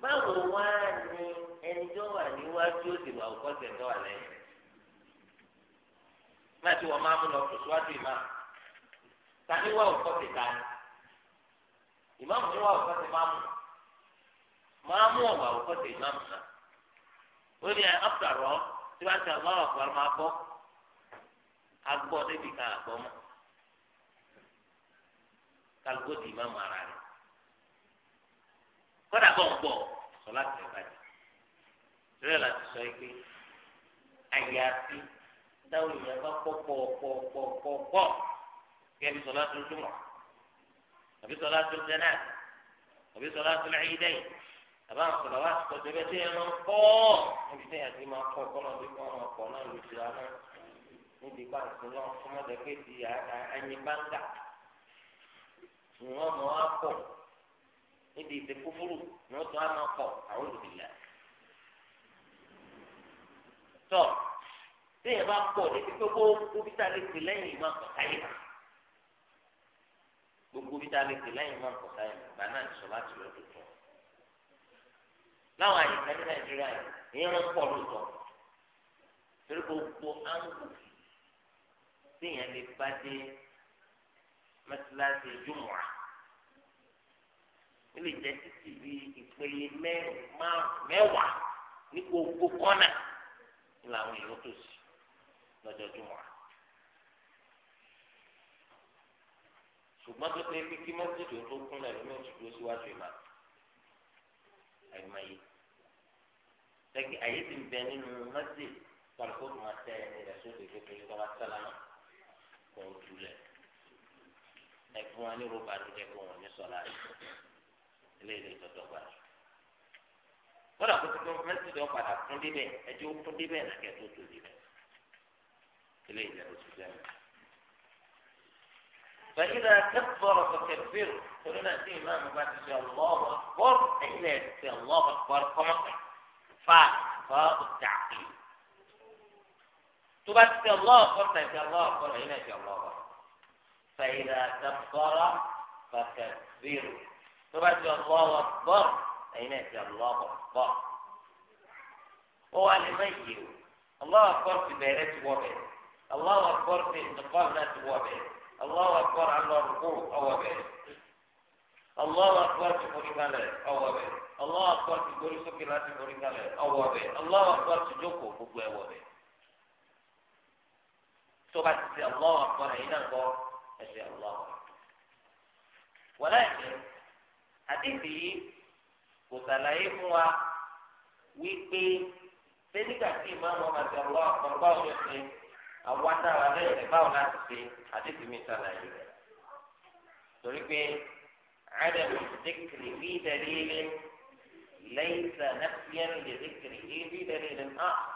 báwo wá ní ẹni tó wà níwájú ó sì wà òkọ́sẹ̀ tó wà lẹ́yìn láti wà òkọ́sẹ̀ ta ìmáàmù ni wà ó kọ́sẹ̀ máàmù máàmù ọ̀wà ó kọ́sẹ̀ ìmáàmù náà ó ní àpàrọ̀ tí wàá ti àwọn ọ̀pọ̀ máa bọ́ agbọ́ débi kan àgbọ́ mọ́ kálukó di ìmáàmù ara rẹ̀ kọ́dà bọ̀ ń bọ̀ sọ láti ẹ̀ bàjẹ́ ìrẹ́ láti sọ yìí pé àyàfi dáwọn èèyàn pọ̀ pọ̀ pọ̀ pọ̀ pọ̀ kẹ́mi sọ láti ojú mọ́ àbí sọlátul jánásà àbí sọlátul ìídàyìn àbá àkọlọwà tọjọ bẹ tí ẹran pọ níbi tí ẹyàtí máa kọ kọlọ bí kọ ọmọ ọkọ náà ló ti rárá níbi bá ìsìn náà fọmọdé pé ti ẹyin bá ń gà ìwọn mọ á pọ níbi ìfẹ́ kúfúrú ni wọn tún á máa pọ àwọn olùdílà tọ tí ẹ bá pọ ní pípé kó lè pè lẹ́yìn ìmọ̀ àkọkáyé náà gbogbo bí táa lè pè lẹ́yìn mọ́ nǹkan táyà ìgbà náà sọ láti lọ tuntun. láwọn àyíká ní nàìjíríà yìí ń pọ̀ lóòótọ́ torí gbogbo áńgù téèyàn lè bá dé mẹ́tíláṣí jùmọ̀à ó lè jẹ́ títí bí ìpele mẹ́wàá ní gbogbo kọ́nà ní làwọn èèyàn tó sì lọ́jọ́ jùmọ̀à. ṣùgbọ́n tó ṣe pé kí mọ́sídìí tó kún lẹ́nu mi ò ti dúró síwájú ìmọ̀ àìmọ̀ yìí lẹ́kì àyè ti ń bẹ nínú mọ́sídìí kálukó tó máa tẹ ẹni rẹ̀ sóde kékeré tó bá sálámà kó o dulẹ̀ ẹ fún wa ní rọ́bà tó jẹ́ kó wọn ní sọ́la rẹ̀ eléyìí lè gbà jù wọ́n kó tó tó mọ́sídìí ọ̀ padà kún débẹ̀ ẹjọ́ kún débẹ̀ nàkẹ́ tó tó débẹ̀ eléyìí lè tó ti فإذا كبر فكبر قلنا نأتي إمام بعد في الله أكبر إلا في الله أكبر فمقع فا فاء التعقيب تبقى في الله أكبر في الله أكبر إلا في الله أكبر فإذا كبر فكبر تبقى في الله أكبر إلا في الله أكبر هو الميت الله أكبر في بيرات وبيت الله أكبر في انتقال ذات وبيت الله أكبر على ركوع أو به الله أكبر في كله أو به الله أكبر في سكيلة تقولي كله أو به الله أكبر تجوكو بقوة أو به سبحان الله أكبر هنا القول أشهد الله ولكن حديثي وسلاي هو wípé pé nígbà tí ìmáàmù ọmọ àti ọlọ́ àwa táwa bẹ́ẹ̀ ní báwo láti ṣe àdéhùn mi sàlàyé rẹ̀ torí pé عدم الذكر في دليل ليس نفيا لذكره في دليل آخر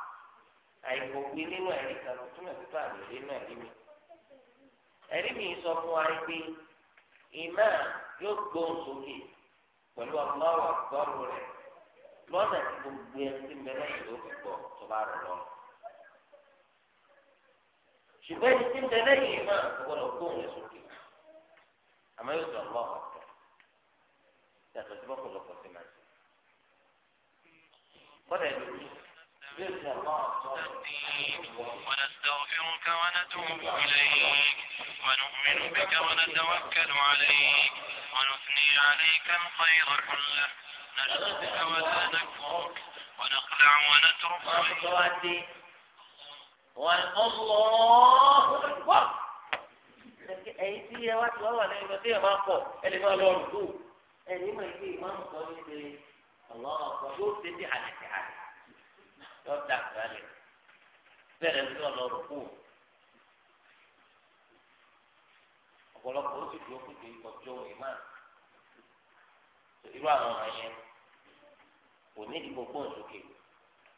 àìkò pé nínú ẹ̀rí kan tó túmọ̀ sí pàdé nínú ẹ̀rí mi. ẹ̀rí mi sọ fún wa pé ìmá yóò gbóhùn sókè pẹ̀lú ọlọ́wọ́ gbọ́rù rẹ̀ lọ́nà tí gbogbo ẹni tí ń bẹ lẹ́yìn tó bá rọ̀ lọ́rùn. ṣùgbọ́n ẹni tí ń bẹ lẹ́yìn náà gbọ́dọ̀ gbóhùn ẹ̀ sókè àmọ́ yóò sọ ọlọ́ọ̀ ọ̀tọ̀ yàtọ̀ sí bọ́kọ̀lọpọ̀ sí máa ṣe gbọ́dọ̀ ẹ̀ lórí yóò sọ ọlọ́ọ̀ ọ̀tọ̀ ونتوب إليك ونؤمن بك ونتوكل عليك ونثني عليك الخير كله نشكرك ولا نكفرك ونخلع ونترك wọn ọlọ́ọ̀ọ́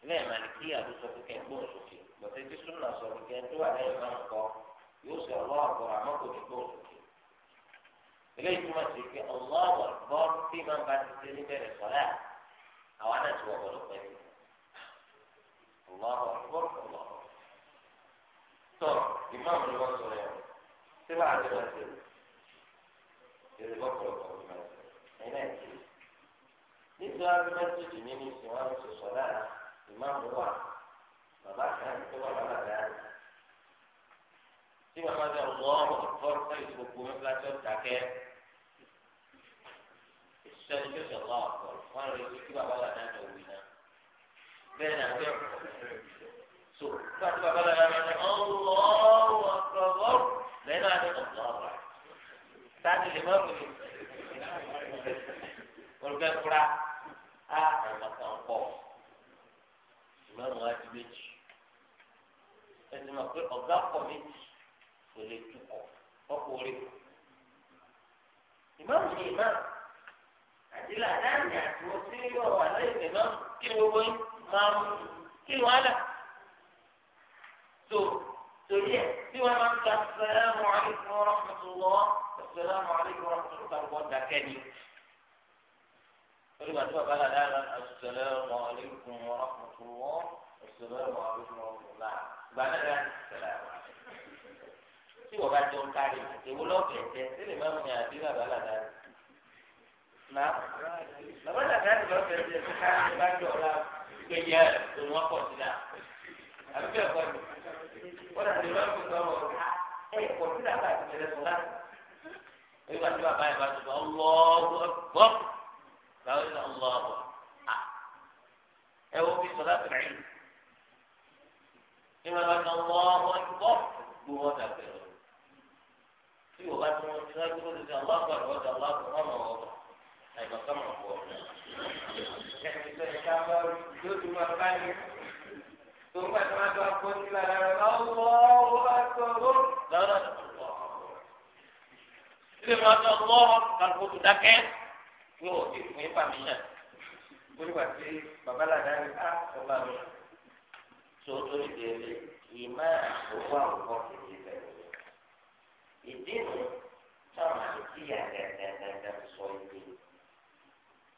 ilé ìmàlìkí àdúgbò lọ́sẹ̀ tí súnà sọ̀rọ̀ kí ẹni tó wà lẹ́yìn máa ń kọ́ yóò sọ ọlọ́wọ́ àgbọ̀ àmọ́ kò ní gbòòrò sókè. eléyìí túmọ̀ sí pé ọlọ́wọ́ àgbọ̀ tí máa ń bá ti ṣe níbẹ̀rẹ̀ sọ́lá àwa náà ti wọ̀ gbọ́dọ̀ pẹ́ ní. ọlọ́wọ́ àgbọ̀ ọlọ́wọ́. tó ìmáàmù ni wọ́n sọ yẹn tí wàá lè wọ́n ṣe èrè lọ́pọ̀lọpọ̀ ìmọ̀ ẹ̀sìn ẹ̀ bàbá kan tó wà bàbá dáadáa tí bàbá sọ ọlọ́wọ́ ìfọ́rọ́ sẹ́yìn gbogbo mẹ́fà tó dákẹ́ sẹ́ni tó sọ ọlọ́wọ́ àpọ̀ wọn rẹ̀ kí kí bàbá dáadáa tó wí náà bẹ́ẹ̀ náà bẹ́ẹ̀ kọ́ so nígbà tí bàbá dáadáa máa ní ọlọ́wọ́ àpọ̀ lẹ́yìn náà ní ọlọ́wọ́ sáàtì lè má bùrù olùkẹ́ kura á àyàmọ̀tàn pọ̀ ìmọ̀ àwọn àti méjì ẹsìn mọ̀ pé ọ̀gá pọ̀ méjì kò lè tukọ̀ ọkọ̀ orí kù. ìmáàmù ni ìmáàmù àti làdáni àti òsì yóò wà lẹ́yìn ìmáàmù kí gbogbo máa mú kí wọ́n á là. tó torí ẹ̀ tí wọ́n máa ń ka sàlámù alaykum wa rahmatullah sàlámù alaykum wa rahmatullah wọ́n dàkẹ́ ni. olùbàdàn bàbá làdáni àti sàlámù alaykum wa rahmatullah. السلام عليكم ورحمة الله بعدها السلام عليكم tí wọ́n bá jẹun kárí èwo lọ́ọ̀kẹ́ jẹ sí lè má mú yàrá bí bàbá làdá rẹ̀. Nà bàbá làdá rẹ̀ lọ́ọ̀kẹ́ jẹ sí káàkiri bá jọ ọ̀la gbẹ̀yẹ tó wọ́n pọ̀ sí náà. Àbíkú ẹ̀kọ́ ni wọ́n dàbí lọ́ọ̀kẹ́ tó wọ́n rọ̀ ẹ̀ pọ̀ sí náà láti bẹ̀rẹ̀ fún láti. Èyí wà tí bàbá yẹn bá tó bá ọlọ́ọ̀gbọ́ báwo ni ọlọ́ọ̀gbọ́. Ẹ wo fi sọ̀rọ̀ àtìrẹ̀ yìí ìmọ̀ bá tán wọ́n wọ́n gbọ́ gbó wọn dàgbẹ́ lọ. tí wọ́n bá tún wọn ti rájú lórí ti àwọn àgbà lọ́wọ́ àwọn àgbà wọn mọ̀ wọ́n àìmọ̀ ká mọ̀ wọ́n. ẹ̀sìn ìta bá yóò tún máa bá yẹn. tó ń bá tí wọ́n bá kó sí lára rẹ̀ lọ́wọ́ wọ́n bá tó lọ́rọ̀ ilé máa tán lọ́rọ̀ kàlùkò tó dákẹ́ yóò tó lórí bèrè ìmá òkú àwòkọ́ kìí bẹ̀rẹ̀ ìdí nu táwọn àti ìyá gàgàgàgà sọ ìdí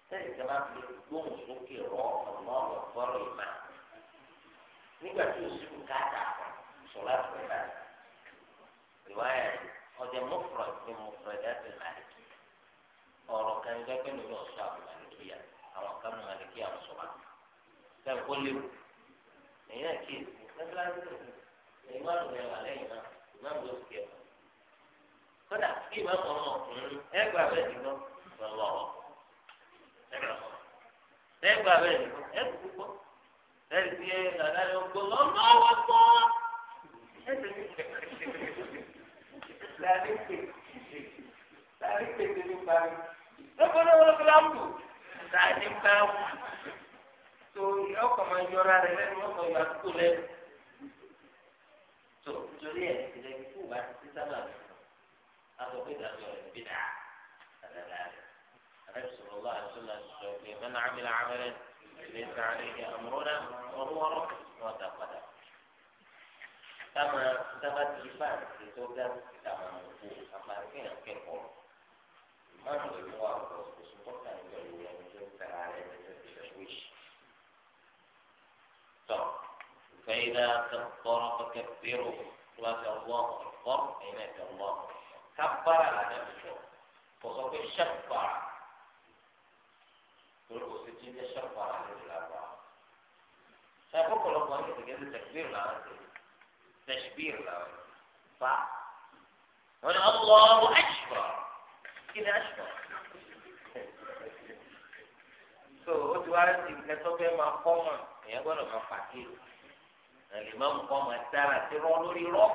sẹ́yìn tí wọ́n fi gbóhùn sókè rọ ọ̀nà ọ̀rọ̀ fọ́rọ̀ ìmá nígbà tí òṣèlú káàdà sọ̀rọ̀ àfẹ́fẹ́ ìwáyà ọ̀dẹ̀ mọ́fọ̀rọ̀ ìpín mọ́fọ̀rọ̀ ẹ̀dá ti máa kí ọ̀rọ̀ kan jẹ́ pé nínú ọ̀ṣọ́ àwọn àwọn kan màlìkíyà ń ẹ̀yin náà kí èsì mẹ́tíláṣí ẹ̀yin máa ń lọ ẹ̀wà lẹ́yìn náà ìmáàmù ló fi ẹ̀wà. kódà kí ìmáàmù ọmọ ọkùnrin ẹgbẹ́ abẹ́ nìkan lọ́wọ́ ẹgbẹ́ abẹ́ nìkan ẹgbẹ́ púpọ̀ ẹ̀rì tí ẹ dàda yọ gbọ́ lọ́nà wà pọ̀ láàrin pè láàrin pè tẹ̀lé parí lọ́kọ́ náà wọ́n fi láǹbù láàrin pè tó ọkọ̀ máa yọra rẹ̀ lẹ́nu ọkọ̀ yọ àdúgbò lẹ́nu tó torí ẹ̀ ìṣẹ̀lẹ̀ ikú bá ti ti sábà rẹ̀ aṣọ pé ìdájọ́ rẹ̀ bí dà àdàdà rẹ̀ àrẹ́bí sọ̀rọ̀ lọ́wọ́ àti sọ̀rọ̀ àti sọ̀rọ̀ pé mẹ́nà àmìlà àmẹ́rẹ́ ìṣẹ̀lẹ̀ sàárẹ̀ ìyá àmúrọ́dá ọ̀rọ̀wọ́rọ́ ní ọ̀dà padà táwọn sábà ti bá ètò dá ìdààmú àpá kéèyàn kẹ́kọ̀ọ́ má lè wá ọ̀rọ̀ فإذا كبر فكبره وأتى الله أكبر عناك أتى الله كبر على نفسه وسوف شفع تقول ستين يشفع على الأربعة فأقول لهم صح؟ الله أكبر كده أكبر èèyàn gbọ́dọ̀ máa pàkíyèsí àlèmọ́ nǹkan máa dára sí rọ́ lórí rọ́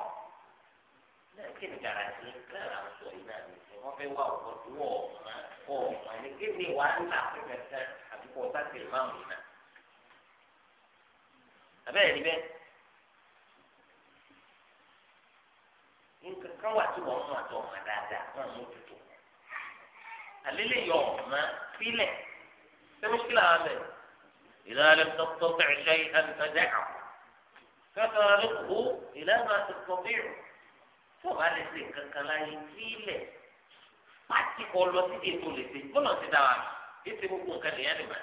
náà kí ni garanti náà là ń sọ yìí náà nìyí wọ́n fẹ́ wá ọ̀pọ̀ tó wọ̀ ọ̀ma kọ́ ọ̀ma ní kí ni wàá ń là fún ẹ̀sán àdúgbò sáfì máa mú iná. àbẹ́rẹ́ níbẹ̀ nǹkan kan wà tí wọ́n mú àtọ̀ ọ̀ma dáadáa wọ́n mú tuntun. àlélẹ́yìn ọ̀ma sílẹ̀ sẹ́mi sílẹ̀ àwọn bẹ̀rẹ̀. إذا لم تستطع شيئا فدعه ففارقه إلى ما تستطيع فوق على السكة كلاهي سيلة pati kọlọ ti di ètò lèse bọlọ ti da wa ètò gbogbo nǹkan lè yẹn lè ma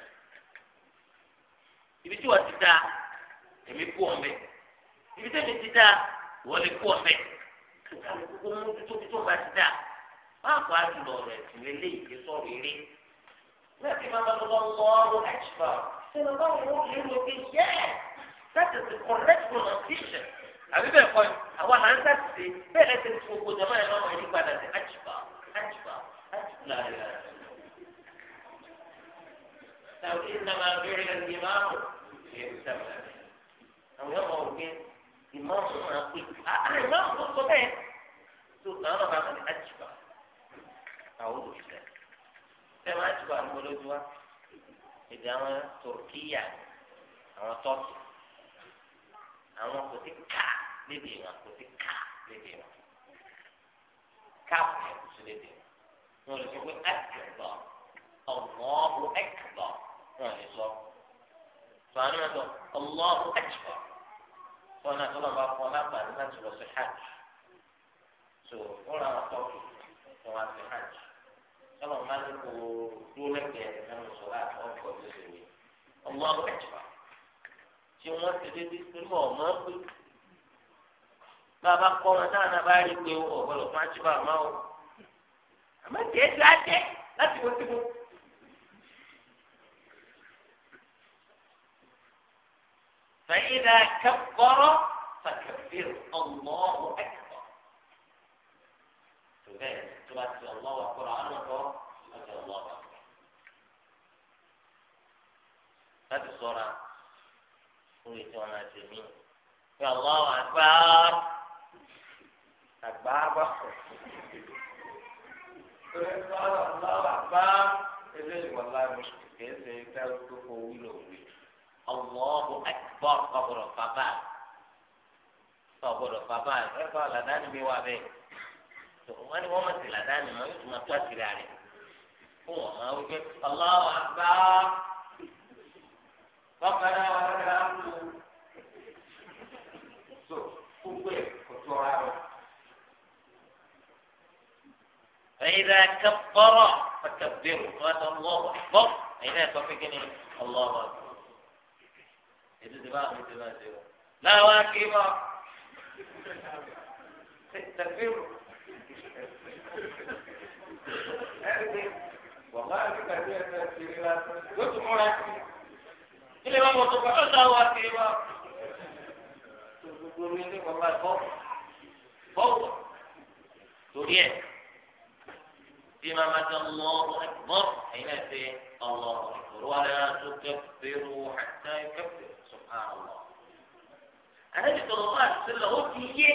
ibi tí wà ti da èmi kú ọmọ ibi tí èmi ti da wọ́n lè kú ọmọ gbogbo mú tóbi tó bá ti da wọ́n á kọ́ àdúrà ọ̀rọ̀ ẹ̀sìn lélẹ́yìí sọ̀rọ̀ eré náà ti máa ń lọ́wọ́ ọ̀rọ̀ ẹ̀ṣin náà sínú báwo ló fi ń lo bí yẹ that is the correct pronunciation àbí bẹ́ẹ̀ kọ́ àwọn à ń sàtìsí bẹ́ẹ̀ ẹ̀ ti ń fowó jọba ẹ̀ lọ́wọ́ ẹni padà sí àjùbà àjùbà àjùbà rẹ̀. tàbí nàmà bẹ̀rẹ̀ ẹni máa mú ẹ̀rù sábà rẹ̀. àwọn ọmọ òkè ìmọ̀ọ́mù máa pè àárẹ̀ ah, ah, ìmọ̀ọ́mù tó sọ bẹ́ẹ̀ tó àwọn ọmọ bàbá ní àjùbà àwọn olùkẹ́. bẹ́ẹ̀ máa àjùbà ń bọ́ lójú wa èdè àwọn turkiya àwọn tọ́kì àwọn kò sí ká lédè wọn kò sí ká lédè wọn káàpù yẹn kò sí lédè wọn wọn lè sọ pé ẹkẹbọ ọmọọbù ẹkẹbọ wọn lè sọ tòwánú náà sọ ọlọ́ọ̀bù ẹkẹbọ wọn náà tọ́lọ̀ bá fún ọ lápá láti lọ sí hajj so wọn làwọn tọ́kì wọn wá sí hajj sọlọ máa ní kó dúró lẹ́gbẹ̀ẹ́ nínú sọlá ọkọ tó ṣe wí ọmọ ẹjọ́ tí wọn ti dé bí sílẹ̀ ọmọ pé bàbá kọ wọn táwọn náà bá rí i pé ọgbọlọ fún àjùbọ àmọ́ o àmọ́ tiẹ̀ ti á jẹ láti wọ síbò. فإذا كبر فكبر الله أكبر tó bá ti ọlọ́wọ́ àkọ́rọ̀ àánọ́kọ́ láti ọlọ́wọ́ àkọ́rọ̀. láti sọ̀ra fún ètò ọ̀nà àtẹ̀mí pé ọlọ́wọ́ àgbà àgbà bá pọ̀. ọlọ́wọ́ àgbà ẹgbẹ́ ìwọ̀n láàrin kìí ṣe kẹ́rù tó kọ wílò wí. ọlọ́wọ́ àgbà ọ̀gbọ̀dọ̀ bàbá ọ̀gbọ̀dọ̀ bàbá ẹ̀fọ́ àlàdá ni mi wà bẹ́ẹ̀. wọ́n ní wọ́n mọ̀ sí làdáni mọ̀ yóò tún máa tó àṣírí àrẹ̀ fún wọn máa wípé ọlọ́wọ́ àgbà bọ́kàdá wà lọ́dà lù so gbogbo ẹ̀ kò tó ara rẹ̀. فإذا كبر فكبروا قال الله أكبر أين يتوفقني الله أكبر إذا دماغ لا واكبر تكبروا ẹ̀sìn bọ̀gá àbíkà tí ẹ̀sìn ẹ̀sìn rí lásán yóò tún múra sí i ilé wa mọ̀ tó kọ́ ọ̀sán wa sí i wa gbogbo mi ní bàbá kọ́ bọ́wọ̀ torí ẹ̀ bí màmá tó ń lọ ẹ̀gbọ́n ẹ̀yin náà ṣe ọ̀lọ́ ìṣòro wa lẹ́yìn tó kẹ́pẹ́rù àti kẹ́pẹ́rù sọ̀kan lọ. àlejò tó lọ́wọ́ àti sílẹ̀ ó ti yé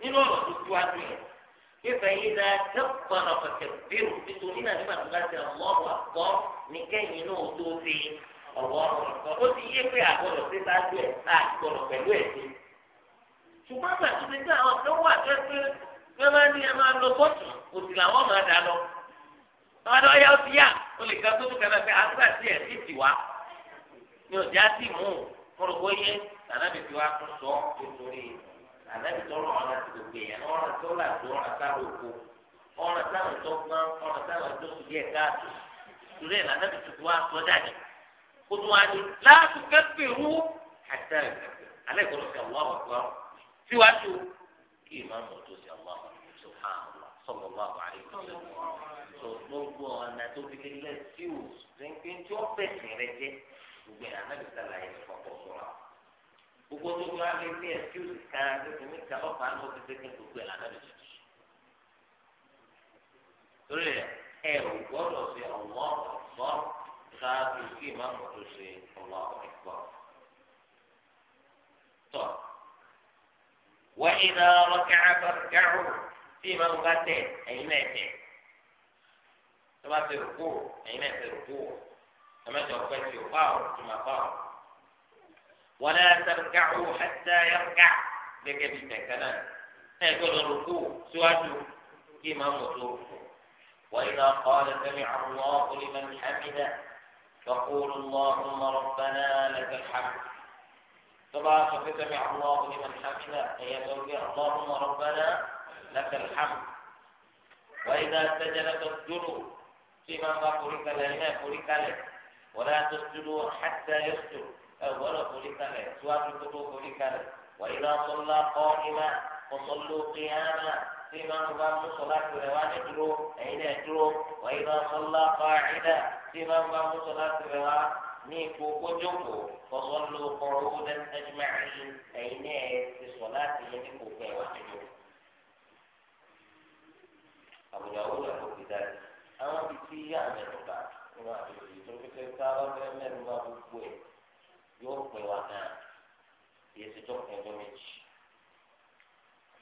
nínú ọ̀rọ̀ tó ju adùn yẹn. فإذا كبر فكبروا بدون أن مثلت الله أكبر نكاين في الله أكبر ó ti yé pé àgbọ̀dọ̀ sí sáájú ẹ̀ àgbọ̀dọ̀ pẹ̀lú ẹ̀ sí. ṣùgbọ́n àgbà tó ti dá àwọn tó wà tó pé bí wọ́n bá ní ẹ máa lọ sọ́ọ̀tù òsì làwọn máa dà lọ. ọ̀dọ̀ ọ̀yá ó ti yá o lè ga sókè kan pé àgbà ànábì tó rán ọ̀nà ti gbogbo èèyàn ọ̀nà tó là tó ọ̀nà sáwọn òkú ọ̀nà sáwọn tó gbọ́n ọ̀nà sáwọn tó fi díẹ̀ káàtó ìṣúré ẹ̀ lànà tó wá sọ jáde kó tó wá ní láti kẹ́kẹ́ rú àti alẹ́ kọ́ ló fi àwọn àwọn àgbà síwájú kí ìmáàmù tó fi àwọn àwọn àgbà tó hàn án sọ̀rọ̀ wá wà ní ìṣòro gbogbo ọ̀nà tó fi lé lẹ́sí ò gbogbo tó wá lé ní ẹ̀kúsì kan tó fi mí ka ọ̀fà ní ọ̀fì tó kí n gbogbo ẹ̀ lànà lè tutù. torí rẹ ẹ ò gbọ́dọ̀ fi ọ̀wọ́ ọ̀gbọ́ ṣáájú kí ìmáàmù tó ṣe ọ̀wọ́ ọ̀gbọ́. tọ́ wọ́n iná ọlọ́kẹ́ àgbàgbàrún tí ìmáàmù bá tẹ̀ ẹ̀yin náà tẹ̀. tó ti rò kúrò ẹ̀yin náà ti rò kúrò ẹ̀mẹ́jọ pẹ́ ti ò bá tó máa bá ولا تركعوا حتى يركع لك bí يقول الركوع gbọ́dọ̀ كما مطلوب وإذا قال سمع الله لمن حمده فقولوا اللهم ربنا لك الحمد طبعا سمع الله لمن حمده هي تقول اللهم ربنا لك الحمد وإذا سجد فاسجدوا فيما ما فرك لنا فرك ولا تسجدوا حتى يسجدوا ولا قولي كان سواك تقول قولي كان وإذا صلى قائما وصلوا قياما فيما هو صلاة رواه درو أين درو وإذا صلى قاعدا فيما هو صلاة رواه نيكو كجوكو فصلوا قعودا أجمعين أين في صلاة يمكو كي واحدو أبو جاود أبو كتاب أما بكي يعمل بعد أما بكي يعمل بعد أما بكي يعمل بعد yóò pin wa náà kì í tó pin ọjọ́ méjì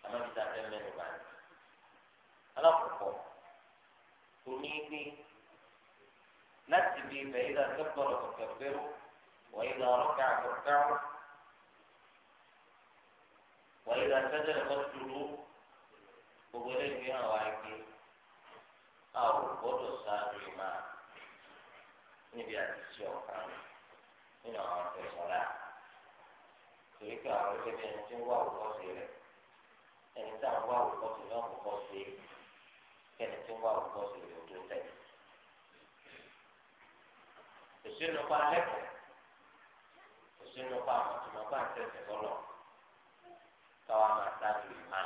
àmọ́ bí mẹ́nu bá alákọ̀ọ́kọ́ kò ní í láti bí ibẹ̀ yìí láti tọ́kọ̀rọ̀ tọ̀kọ̀ fẹ́rù wọ́n yìí lọ ọlọ́kà àkọ́kọ́ wọ́n yìí lọ sẹ́jọ́ lọ́kọ́ dúró gbogbo eléyìí hàn wá gbé a ò gbọ́dọ̀ sáájú máa níbi àti ṣe ọ̀kan nínú àwọn àfẹsọ̀lá torí pé àwọn ẹgbẹ́ ẹni tí ń wá òkọ́sí rẹ̀ ẹni tí àwọn wá òkọ́sí náà òkọ́sí kẹ́ni tí ń wá òkọ́sí rẹ̀ ojú tẹ̀. kò sínú lẹ́kọ̀ọ́ kò sínú pa tẹ̀sẹ̀ lọ́lọ́ káwa máa sáájú ìmá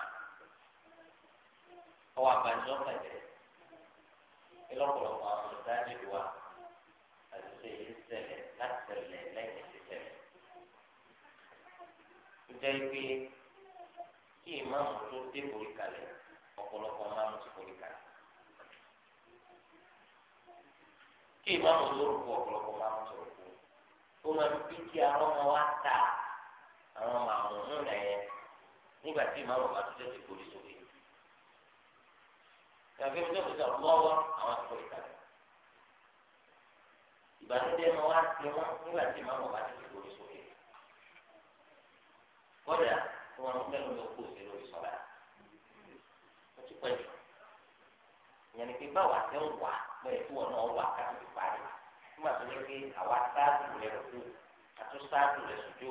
ọwọ́ àgbàjọ́ kẹ̀kẹ́ ìlọ́pọ̀lọpọ̀ àwọn olùdájọ́ jẹ́ pé kí ìmáàmù tó dé borí kalẹ̀ ọ̀pọ̀lọpọ̀ máàmù ti borí kalẹ̀ kí ìmáàmù tó rúkú ọ̀pọ̀lọpọ̀ máàmù ti rúkú ó máa ń bí kí àwọn ọmọ wa ta àwọn màmú múnà yẹn nígbà tí ìmáàmù bá tó tẹ̀sí borí sókè tàbí ẹni tó fi sọ lọ́wọ́ àwọn ti borí kalẹ̀ ìbànújẹ́ kọ́dà wọn mẹ́nu ló kù sí lórí sọ́lá ó ti pẹ́ jù ìyẹn ni pé báwa ti ń wà bẹ́ẹ̀ tí wọn náà wà káàkiri ti parí nígbà tó ní pé àwa sáàtù rẹ̀ kú àtún sáàtù rẹ̀ sùjú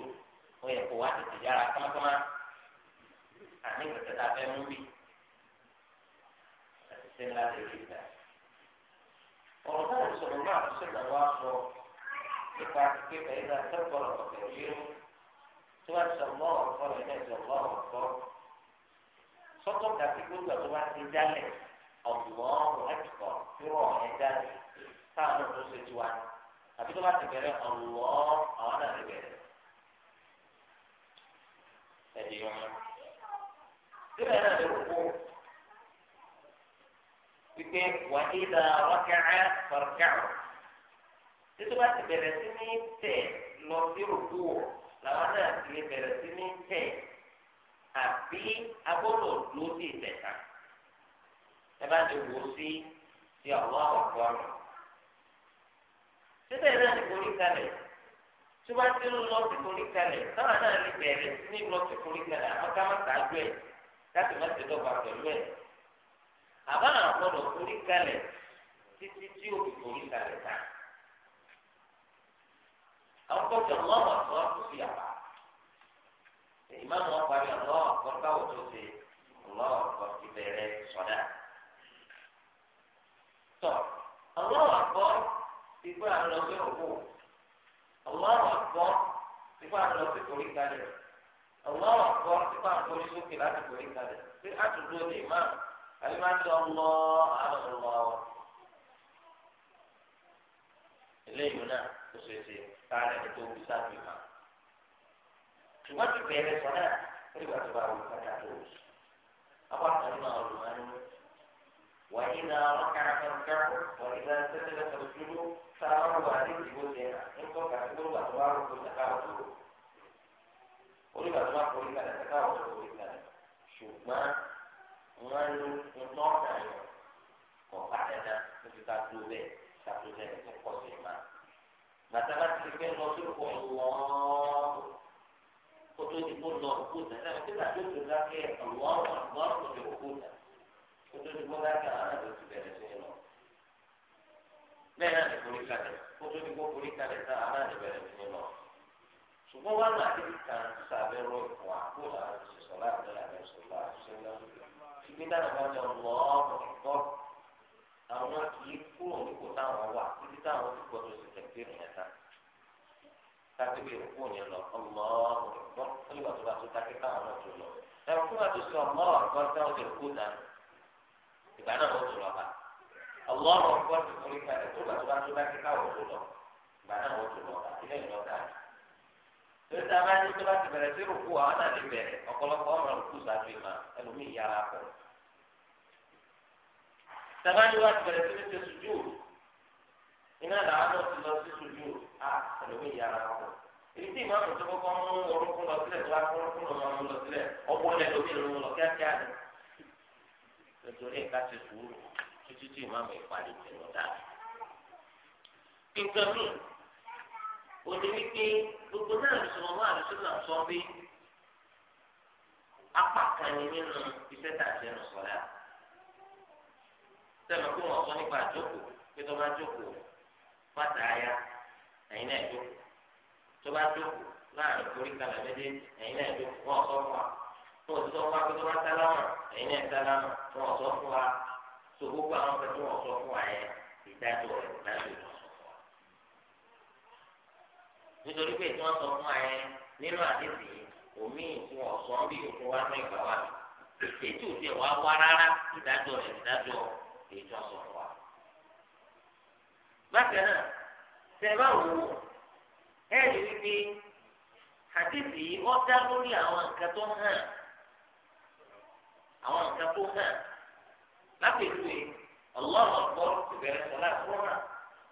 ó yẹ kó wá tètè yára kọ́mọ́kọ́mọ́ àní kẹ̀kẹ́ tá a fẹ́ mú bí àti sẹ́ńlá lè rí ìgbà ọ̀rọ̀ náà sọ̀rọ̀ náà sọ̀rọ̀ wá sọ nípa pípẹ́ ìdá sẹ́kọ̀ọ́ tí wọ́n sọ mọ́ ọ̀fọ́ rẹ̀ náà sọ mọ́ ọ̀fọ́ sọ́tọ̀ kàti gbogbo àti wọ́n ti dálẹ̀ ọ̀gbọ́n ẹ̀kọ́ tí wọ́n ẹ̀ dálẹ̀ táwọn ọ̀dọ́ ṣe ti wá àti tó bá ti bẹ̀rẹ̀ ọ̀wọ́ àwọn náà ti bẹ̀rẹ̀ ẹ̀dì wọn. síbẹ̀ náà lè kó wípé wà ìdá rọ́kẹ́rẹ́ fọ̀rọ̀kẹ́rọ̀ títí bá ti bẹ̀rẹ̀ sí ní tẹ̀ lọ sí rògbò làwọn náà ti lè bẹ̀rẹ̀ sí ní tẹ̀ àbí agbọ́dọ̀ ló dé ìtẹ̀ka ẹ bá lè wò ó sí ti àwọn ọ̀pọ̀ ọ̀nà. síbẹ̀ náà ni forí kalẹ̀ tí wọ́n ti ń lọ sí forí kalẹ̀ táwọn náà lè bẹ̀rẹ̀ sí ní lọ sí forí kalẹ̀ àwọn ká má ṣáájú ẹ̀ láti má ti dọ́gba pẹ̀lú ẹ̀. àbá àwọn ọ̀pọ̀ ọ̀nà kalẹ̀ títí tí òbí forí kalẹ̀ táà àwọn tó jẹ ọmọ ọmọ tó kù sí àbá ìmáàmù ọkọ àbí ọmọ ọkọ káwọ tó ṣe ọmọ ọkọ ti bẹ̀rẹ̀ sọdá tọ ọmọ ọkọ ìgbà lọ sí òkú ọmọ ọkọ ìgbà lọ sí torí kalẹ̀ ọmọ ọkọ ìgbà lọ sí sókè láti torí kalẹ̀ sí àtúndó ní ìmáàmù àbí máa ń lọ ọmọ àwọn ọmọ eléyìí náà ó ṣe ṣe káàdì ẹni tó wí sáàbì kan ṣùgbọ́n ti bẹ̀rẹ̀ sọ náà nígbà tó bá wù kátà tó wù àwọn àtàlù náà lò wọn ni wà yín náà wọn kára fẹ́ kẹ́kọ̀ọ́ wọ́n yín náà tẹ́tẹ́ lọ́sọ̀ lójúlú sáà wọn wà ní ìdìbò tẹ̀ ní kọ́ kàtí ló wà tó wà lóko ìjàkà ọ̀tọ̀ lò onígbà tó wà kó ìjàkà ìjàkà ọ̀tọ̀ lò ìjàkà ṣùgbọ́n wọn ní ntọ́ta yọ kọ̀ pàtẹ́ná níbi ká tó bẹ́ẹ̀ ká tó bẹ́ẹ̀ tó kọ̀ sí bàtà bá ti fẹ́ lọ sí ọ̀pọ̀ ọ̀lọ́ kó tó di kó lọ òkú tẹ̀ náà kí ló tó tó dákẹ́ ọ̀lọ́ ọ̀gbọ́n kò tó òkú tẹ̀ kó tó di kó dákẹ́ àwọn àgbẹ̀ ti bẹ̀rẹ̀ sí lọ. bẹ́ẹ̀ náà ní forí kalẹ̀ kó tó di kó forí kalẹ̀ tá àwọn àgbẹ̀ bẹ̀rẹ̀ sí lọ. ṣùgbọ́n wà náà kí kan sàbẹ̀rọ ìfọ̀ àkó làwọn ti sọ láti táwọn tó gbọdọ̀ sì tẹ̀sí rìn yẹn tán kákébé òkú yẹn lọ ọmọ ọgbọ́n nígbà tó bá tó káké káwọn náà tó lọ ẹ̀rọ fún wa tó sọ ọmọ ọgbọ́n táwọn tó kú náà ìgbà náà wọ́n tó lọ bá ọmọ ọgbọ́n tó kórè kalẹ̀ tó bá tó bá tó káké káwọn tó lọ ìgbà náà wọ́n tó lọ bá ilé ìlú ọ̀dà lórí tá a bá ní tó bá ti bẹ̀rẹ̀ sí òkú àwọn náà lè bẹ̀rẹ̀ ọ̀pọ̀lọpọ̀ ọmọ iná làwọn náà ti lọ sí sojú a ẹlòmíì yára wọn èyí tí ìmọ̀ àtúntò kọ́kọ́ mú orúkún lọ sílẹ̀ tó wá fún orúkún lọ mú lọ sílẹ̀ ọgbọ́n lẹ lómi lòún lọ kíákíá ni nítorí ẹ̀ka ti sùúrù títí tí ìmọ̀ àmọ̀ ìpàdé ti lọ dáa. nǹkan mi ò ní wípé gbogbo náà lè sọ̀rọ̀ mọ́ àdúgbò náà sọ bí apá kan ni nínú iṣẹ́ tàbí ẹnu sọ̀rọ̀ sẹ́nu kí wọ́n sọ nípa àjókòó pé tó bá jókòó pátá ya náà tó tó bá láàrin torí kalẹ̀ méjèèjì ẹ̀yin náà tó wọ́n sọ fún wa tó o sọ fún wa pé tó sálámà ẹ̀yin náà sálámà wọ́n sọ fún wa tó gbogbo àwọn kan tó wọ́n sọ fún wa yẹn ìdájọ́ rẹ̀ láti wọ́n sọ fún wa. nítorí pé tí wọ́n sọ fún wa yẹn nínú àdéhùn yìí omi tí wọ́n sọ ń bí òkú wa ní ìgbà wa ètò ìfẹ́ wá rárá ìdájọ́ rẹ̀ ìdájọ́ èyí tí fún wa bákan náà tẹ bá wò ó ẹ rí i pé àdìsí yìí wọ́n dá lórí àwọn nǹkan tó hàn àwọn nǹkan tó hàn lápẹ̀lúwe ọlọ́run ọ̀pọ̀ ìbẹ̀rẹ̀ sọ̀rọ̀ àkókò hàn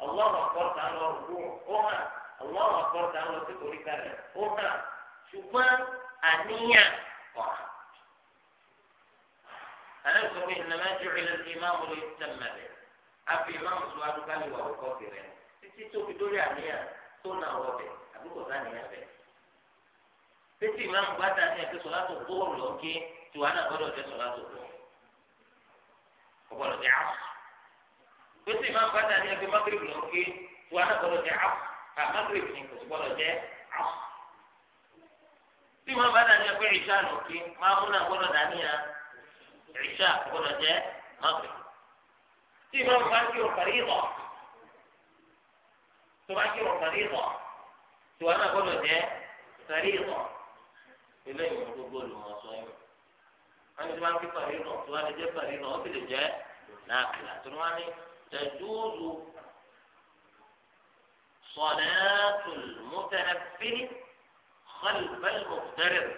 ọlọ́run ọ̀pọ̀ ta lọ rú ó hàn ọlọ́run ọ̀pọ̀ ta lọ sí orí kalẹ̀ ó hàn ṣùgbọ́n àníyàn ọ̀hàn. أنا أقول إنما جعل الإمام ليتم به àfi ìmáàmù tó wá dúkà lè wà òkọ́ tìrẹ̀ títí tó fi dórí àníyàn tó nà wọ bẹ̀ àbúkọ̀ sáníyàn bẹ̀. títí ìmáàmù bá dá ní ẹ̀kẹ́ sọ̀lá tó gbóòrò lọ kí tiwa náà gbọ́dọ̀ jẹ́ sọ̀lá tó gbó ọ̀gbọ́dọ̀ jẹ́ àpò. títí ìmáàmù bá dá ní ẹ̀kẹ́ mágírìbì lọ kí tiwa náà gbọ́dọ̀ jẹ́ àpò kà mágírìbì ni kò sì gbọ́dọ̀ jẹ́ àpò. tí ìmáàmù bá dá ní ẹ̀kẹ́ تي مان فانكي وفريضة تباكي وفريضة تو أنا أقول له إيه؟ فريضة إليه ما تقول له ما صحيح أنا تباكي فريضة تو أنا جاء فريضة هو كده جاء نافلة تنواني يعني؟ تجوز صلاة المتنفل خلف المفترض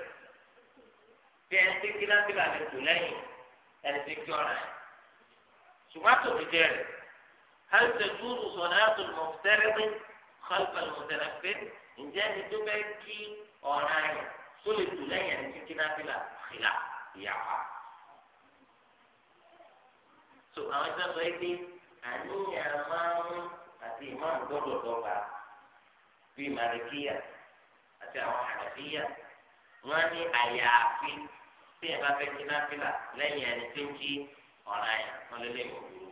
في أنت كده تبقى بالتلاهي أنت كده سمعت الرجال هل تجوز صلاة المفترض خلف المتنفل إن جاء دبي أو ناي كل الدنيا يعني كنا في الخلاء يا عم سو أنا جاب ريدي إيه؟ أني أمام أتي إمام دور دور في مالكية أتي أمام حنفية واني أيافي في أبا في كنا في لا لا يعني تنجي ọ̀ràn yẹn wọn lé lé ìwọ̀n dúró.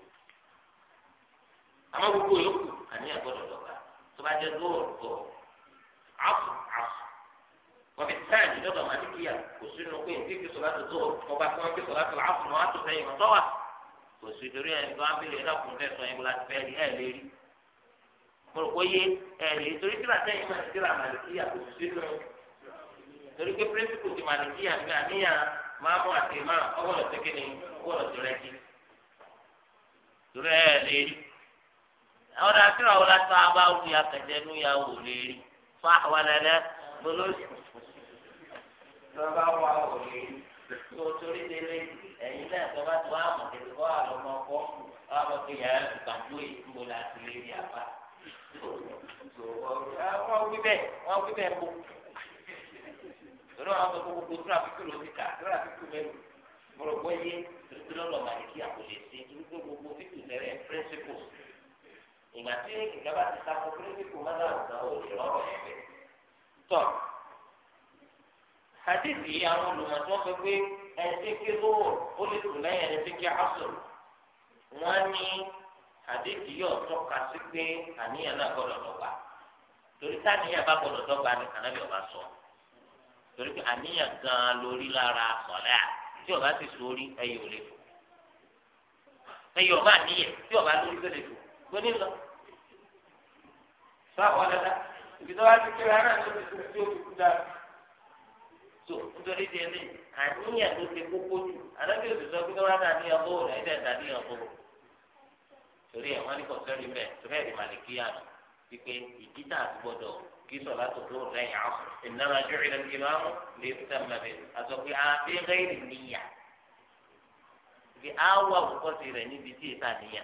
àmọ́ gbogbo yòókù àníyàn gbọ́dọ̀ dọ̀gba tó bá jẹ́ lóòrò tó àfù àfù. wọ́n fi táàgì lọ́dọ̀ màdìkíyà kò sínú pé ní kíkì sọ̀rọ̀ tó tó ọba tí wọ́n fi sọ̀rọ̀ tó àfù wọn á tó fẹ́ ìwọ̀n tọ́wà kò sí torí ẹni tó á bèèrè ẹ̀dàkùn fẹ́ sọ ẹ̀ńgbọ́n láti fẹ́ ẹ̀ lé rí mo rò kóye ẹ̀ lè torí tí làtẹ́ máa ti dé ra kò sí nù torí pé pírẹ́sìpù ti màdìkíyà gbé àníyàn máa mú àti máa ọgbọ́dọ̀ tó kéde ọgbọ́dọ̀ tó rẹ kí torí ẹ lè rí àwọn ọ̀dà àti ìràwọ̀ láti wá bá wù ya kẹ̀jẹ́ nú ya wò lè rí fún àwọn ẹ̀dẹ́ gbọ́dọ̀ lọ́ba wà wò lè rí tó torí délé ẹ̀yin náà tó bá tó tètè kọ́ àlọ́ ọmọ ọkọ́ wà lọ pé yàrá ìgbàgbọ́ èyí ń bọ̀ láti lè rí àbá. wọ́n wí bẹ́ẹ̀ wọ́n wí bẹ́ẹ̀ kó torí àwọn sọ gbogbo tó àfikún ló ti kà tó àfikún mẹ́lò mọ̀rọ̀gbọ́ yé tuntun lọ́lọ́ màlìkí àkọlé sí torí pé gbogbo fífi lẹ́rẹ̀ principles ìgbà tí ìgbà bá ti sako principles má dáhùn náà ò lè rọrọ̀ ẹ̀ bẹ́ẹ̀. tọ́ hadithi àwọn olùmọ̀tò sọ pé ẹ̀sìn kí lóò ó lè tún lẹ́yìn ẹ̀sìn kí asùn wọ́n ní hadithi yóò tọ́ka sí pé àníyàn náà gbọ́dọ̀ dọ́gba torí táníyàn bá gbọ́dọ̀ dọ́gba nìkan náà torí pé àníyàn gan lórí lára sọ̀lá tí ọba ti sórí ẹyẹ ò lè fò ẹyẹ ọba àníyàn tí ọba lórí tó lè fò gbóni lọ sáwọn dada ibi tó bá ti kéré ara tó ti tó tó kú dáa tó nítorí di ẹni àníyàn tó ti kókó jù àdájọ́ òṣìṣẹ́ pé kí wọ́n á dà níyàn bó rẹ̀ ẹ̀dẹ̀ dà níyàn bó torí ẹ̀ wọ́n ní kọ̀ọ̀tẹ́rì bẹ́ẹ̀ torí ẹ̀ kí sọlá tó tó lẹ́yìn àwọn ìnáwó àjọ ìlànà ìmáàmù lè tẹmẹ bẹ àtọ pé àbẹrẹ ìníyà bí àwọn àkókò ti rẹ níbi tí ìta níyà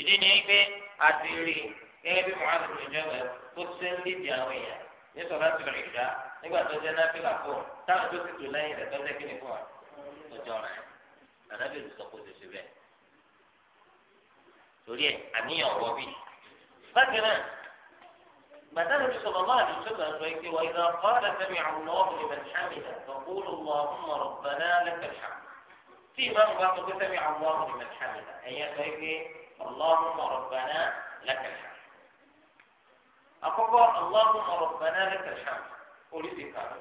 ìdí ni pé àti rí gẹ́gẹ́ bí muhammed bin jabal tó ṣe ń lédi àwọn èèyàn ní sọlá tó lè dá nígbà tó jẹ náà fílà fún táwọn tó ti tò lẹ́yìn rẹ tó jẹ kí ni fún wa مثلا صلى الله عليه وسلم وإذا قال سمع الله لمن حمده فقول اللهم ربنا لك الحمد في من بعض سمع الله لمن حمده أي سيدي اللهم ربنا لك الحمد أقول اللهم ربنا لك الحمد قل في كذا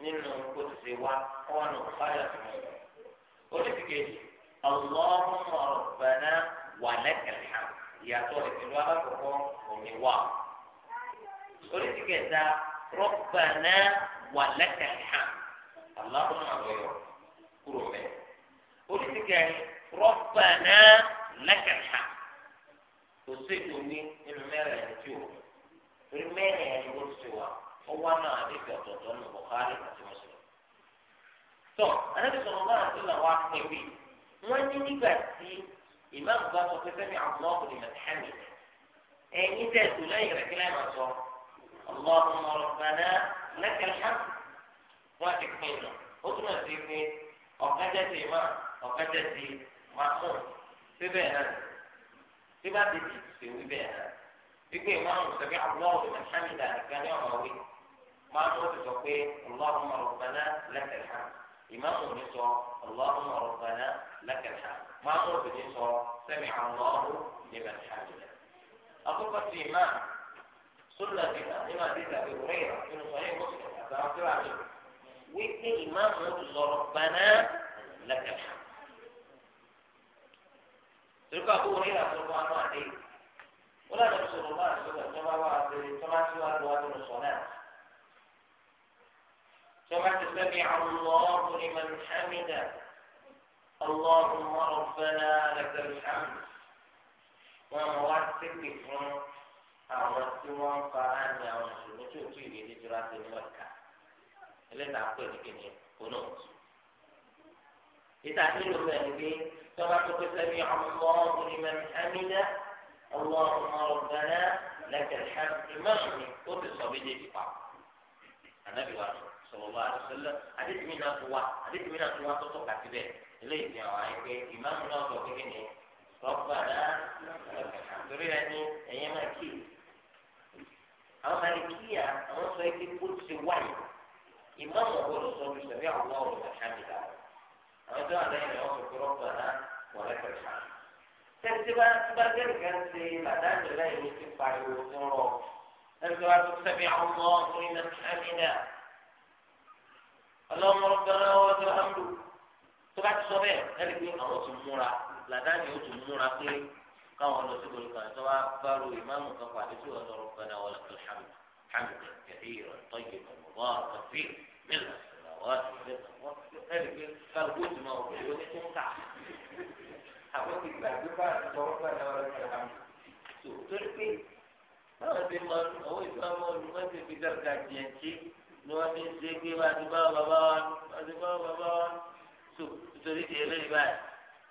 من kó ti ṣe wá ọ̀nà ọ̀fáyà tó اللهم ربنا ولك الحمد يا wa lakal hamd ìyàtọ̀ oríṣi kẹta Rabbana wa lakal hamd aláwọ̀ àwẹ̀yọ̀ kúrò bẹ́ẹ̀ oríṣi kẹrin Rabbana lakal hamd kò sí ìdòwí nínú mẹ́rin ẹni tí o torí mẹ́rin ẹni wọ́n ti wà ọwọ́ náà àdébí ọ̀tọ̀ọ̀tọ̀ nù Bukhari àti Muslim. tó anábì sọ̀rọ̀ náà àti làwọn akpẹ̀wé wọ́n ní nígbà tí ìmáàmù bá sọ pé sẹ́mi àwọn ọkùnrin náà hàmì ẹ̀yin tẹ̀ tó lẹ́yìn rẹ̀ kí lẹ́yìn máa sọ اللهم ربنا لك الحمد وأتك فينا أدنى سيبني وقدتي ما وقدتي معمول في بيها في باب في بيها في ما سمع الله لمن حمده كان يوم أوي معمول تقول اللهم ربنا لك الحمد إمام نصر اللهم ربنا لك الحمد معمول بنصر سمع الله لمن حمده أقول في إمام súnà bíkà nínú àdéhùn àti òmìnira nínú sọyìn mùsùlùmí àti àwọn tíra mi wípé ìmáàmù lọrọ gbaná lẹkẹlẹ toríko àbú òmìnira tó kọ àwọn àdéhùn wọn lànà ìṣòro náà tó lọ tó bá wà àti tó bá tí wà lọ wà nínú sọ náà tó bá ti sẹ́mi àwọn ọ̀rọ̀ ní mọ̀nìhàmídà اللهم ربنا لك الحمد وما وعدتك فيه àwọn tí wọ́n ń fara ní àwọn mùsùlùmí tí ò tí ì rí nítorí àti ní ọ̀ka ẹlẹ́nà àpò ìdíkejì kónà òtún. ìta nílò bẹ́ẹ̀ ni pé tọ́ba tó pé sẹ́mi ọmọ ìmọ̀ ẹ̀mídá ọmọ ọmọ ọ̀gbẹ́nà lẹ́kẹ̀ ìmọ̀ọ̀mí ó ti sọ méjèèjì pa. ànábì wa sọ̀rọ̀ wa àdìsọ́lẹ̀ àdìsímì náà tó wa àdìsímì náà tó wa tó tọ́ka síbẹ̀ eléyìí ni àwọn malikiya àwọn sọ ike kó ti wáyé ìmáàmù ọgbọdọ sọ ju sẹbi àwọn ọ̀rọ̀ ìṣàmìlá àwọn tó wà lẹ́yìn rẹ̀ wọn fi rọpò náà wọn lẹkọọ ìṣàmì. tẹsí bá bá gẹ́gẹ́ kan ṣe làdáàjọ lẹ́yìn ló ti pariwo tó ń rọ ẹsẹ wa tó sẹbi àwọn ọmọ ọkùnrin náà ṣàmìlá قام الله سبحانه وتعالى توفروا إمام كفوا حسوا ربنا ولك الحمد حمدا كثيرا طيبا مباركا فيه من السماوات ومن الأرض فالبوت ما هو في الوقت تسعة حبوك بأجوكا ربنا ولك الحمد سوء تركي هذا ما هو إمام المؤسس في درجة جنسي نوامي زيكي وادي بابا بابا وادي بابا بابا سوء تريد إليه بعد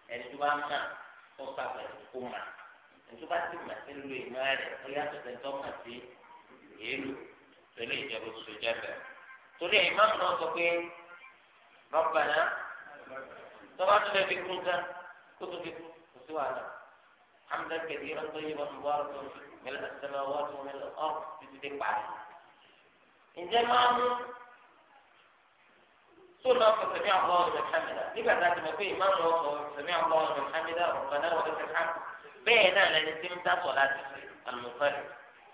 يعني تبعه مشان ó pàtàkì kó mà nítorí bá ti mà sí lu ìmọ̀ rẹ̀ ó yàtọ̀ tẹ̀tọ́ mà sí èlò pẹ̀lú ìjọba oṣù jẹ́fẹ̀. torí ẹ̀ ìmọ̀ náà sọ pé rọ́bànà tọ́ba tó lè fi kún ká kó tó fi kún kó sí wàhálà. حمدا كثيرا طيبا مباركا ملء السماوات وملء الارض في تتبع ان جمعهم سورة أخرى سميع الله لمن حمده نبقى ذات ما فيه إمام سميع الله لمن حمده ربنا ولك الحمد بينا لأن السلم تاس ولا المنفرد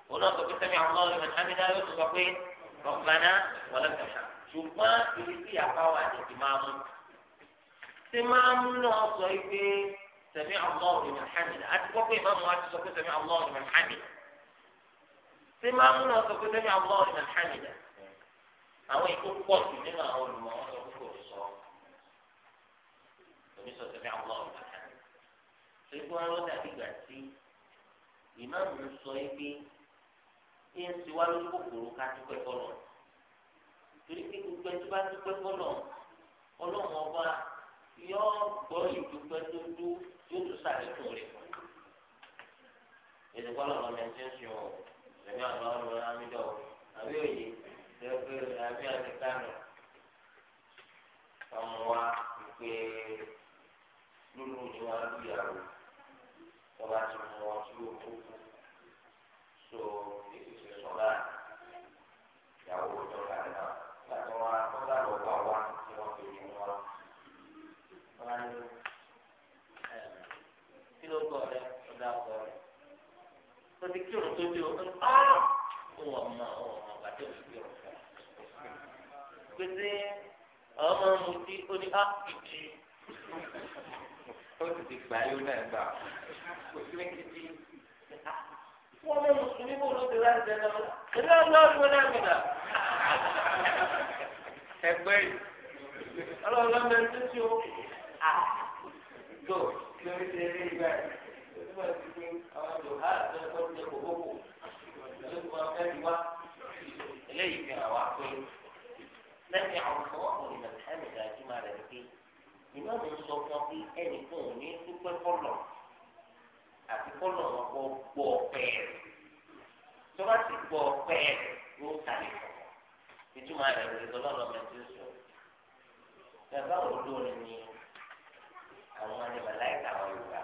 ونقول سميع الله لمن حمده يطلق فيه ربنا ولك الحمد ṣùgbọ́n ìrísí àbáwá ni ìmáàmù tí máàmù náà sọ pé sẹ̀mí Allahu liman hamida àti kọ́kọ́ ìmáàmù wa ti sọ pé sẹ̀mí Allahu liman hamida tí máàmù náà sọ pé sẹ̀mí Allahu liman hamida àwọn ikú pọ̀ sí nínú àwọn olùmọ̀ oníṣọ́ sẹ́mi àwọn ọ̀gá kan. Ṣé wọ́n lọ dàbí ìgbà tí ìmáàmù ń sọ yín pé kí ń ti wá lórí kòkòrò ká dúpẹ́ fọlọ́ torí pé gbogbo ẹni tó bá dúpẹ́ fọlọ́ ọlọ́run ọba yóò gbọ́ ìdúpẹ́ tó dú yóò tún sàlékún rẹ̀ èdè kọ́ lọ́wọ́ ní ẹni tí ń sùn ẹ̀mí àgbà ọ̀rọ̀ amídọ̀ àbí òye lẹ́gbẹ̀ẹ́ àbí àti kánò ọmọ wa pé lóru ni wọn lu ìyàwó tọba ti mú wọn tí ó kú so èsì ṣe sọlá ìyàwó tọba náà láti wọn tọ́lá lọ wà wá tí wọn fi mú wọn. wọn ní kí ló gbọ́ rẹ ọ̀dà ọ̀gọ́ rẹ ó kí òun tó dé o ó wọ̀ ọmọ ọmọ bàtẹ́ òun kí òun fẹ́. pété ọmọ mutí ó ní á ah, kìkì ó sì ti gbà yóò náà gbà kò sí méjì tí wọ́n mú mùsùlùmí bò ló ti rà ní sẹ́nà ẹ̀rọ ọlọ́run náà mi nà. ẹgbẹ́ yìí ọlọ́run lọ́mọ ah. ẹni tó ti o tó lórí ti rí ìgbà yìí nígbà tí pé àwọn àjò ha àti ẹ̀kọ́ ti kò kókò lóko ọ̀fẹ́ ti wá eléyìí fi hàn wá pé lẹ́yìn àwọn ọ̀fọ́ ọ̀hún ìlànà ẹ̀mí ìdájú máa rẹ̀ ní pé ìmáàmù ń sọ fún ọ pé ẹnìkan ò ní dúpẹ́ kọ́lọ̀ àti kọ́lọ̀ wọn kọ́ gbọ́ ọ̀pẹ́ rẹ̀ tó bá ti gbọ́ ọ̀pẹ́ rẹ̀ yóò kàlẹ̀ kọ́ ìtumọ̀ rẹ̀ lórí tọ́lọ́lọ́ mẹ́tí sọ bàbá olórin ni àwọn anìmọ̀láìkà wọn Yorùbá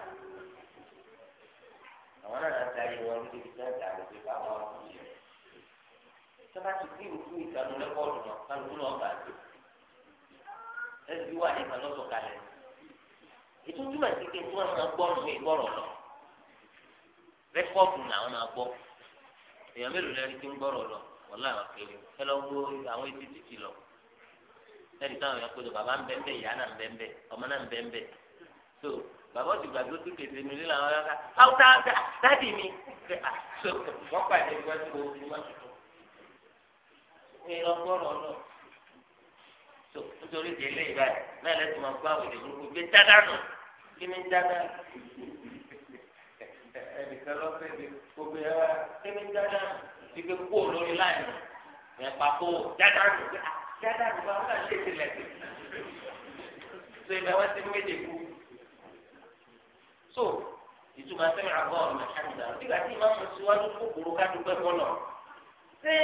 àwọn náà náà darí wọn lórí ibi náà dàrú pé báwọn ọkùnrin rẹ̀ tó bá ti gbé ìlú ìtànú lẹ́kọ̀ọ́ ọ̀dùnmọ̀ kálukú náà bàjẹ́ ẹbí wà nípa lọ́sọ̀ kalẹ̀ ètò túmọ̀ sí pé tí wọ́n máa gbọ́ ọ̀rọ̀ mi gbọ́rọ̀ lọ rẹ́kọ́ọ̀dù làwọn máa gbọ́ èèyàn mélòó lẹ́rìí tí ń gbọ́rọ̀ lọ wọ́n láwọn kéré ẹ lọ gbọ́ àwọn etí títì lọ lẹ́yìn táwọn èèyàn péjọ bàbá ń bẹ́ ń bẹ́ ìyá náà ń bẹ́ ń bẹ́ ọmọ náà ń bẹ́ ń bẹ́ so bàbá ti gbàgbé tó kéde mi nílẹ̀ àwọn ọlọ́kà áwùtá dáàdì mi so wọ́n pàdé ìwádìí tó nítorí délé ìbáyìí náà lẹ́tọ̀ máa gbọ́ àwọn ìdìbò gbé dádánù kí ni dádá ẹnìkan lọ́sẹ̀ ni gbogbo ẹ̀ wá kí ni dádá ìgbé kó lórí láì ẹ̀ pàkó dádánù dádánù bá wọn lè tilẹ̀ tó ìgbà wọn ti méje kú so ìtumọ̀ sẹ́mi àgọ́ ọ̀rọ̀ mẹ́tàdínlá nígbà tí màmú síwájú kòkòrò ká dúpẹ́ bọ́lọ̀ ṣé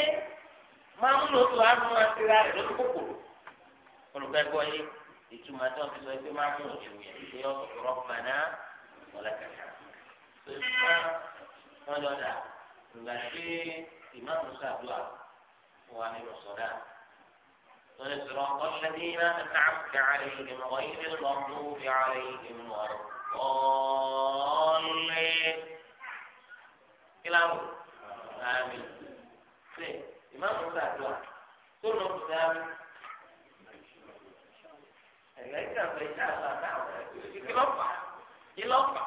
màmú ló tó àrùn àti rà rẹ̀ lọ́dún kòkòrò. olùkẹ́kọ̀ọ́ yìí ìtumọ̀ tí wọ́n fi sọ pé máa mú òjò yẹn ṣe ọ̀sọ̀ rọ́bànà mọ̀lẹ́kẹ̀kẹ́. sọ́sọ́ wọn lọ dà ìgbà tí ìmáàmù sàdúrà wà nínú sọ̀dá. صراط الذين أنعمت عليهم غير المغضوب عليهم ولا الضالين إلى آمين. إمام السادة سورة الثامن ẹ̀yọ́ ìjàmbá ìjàmbá náà ìlọ́pà ìlọ́pà.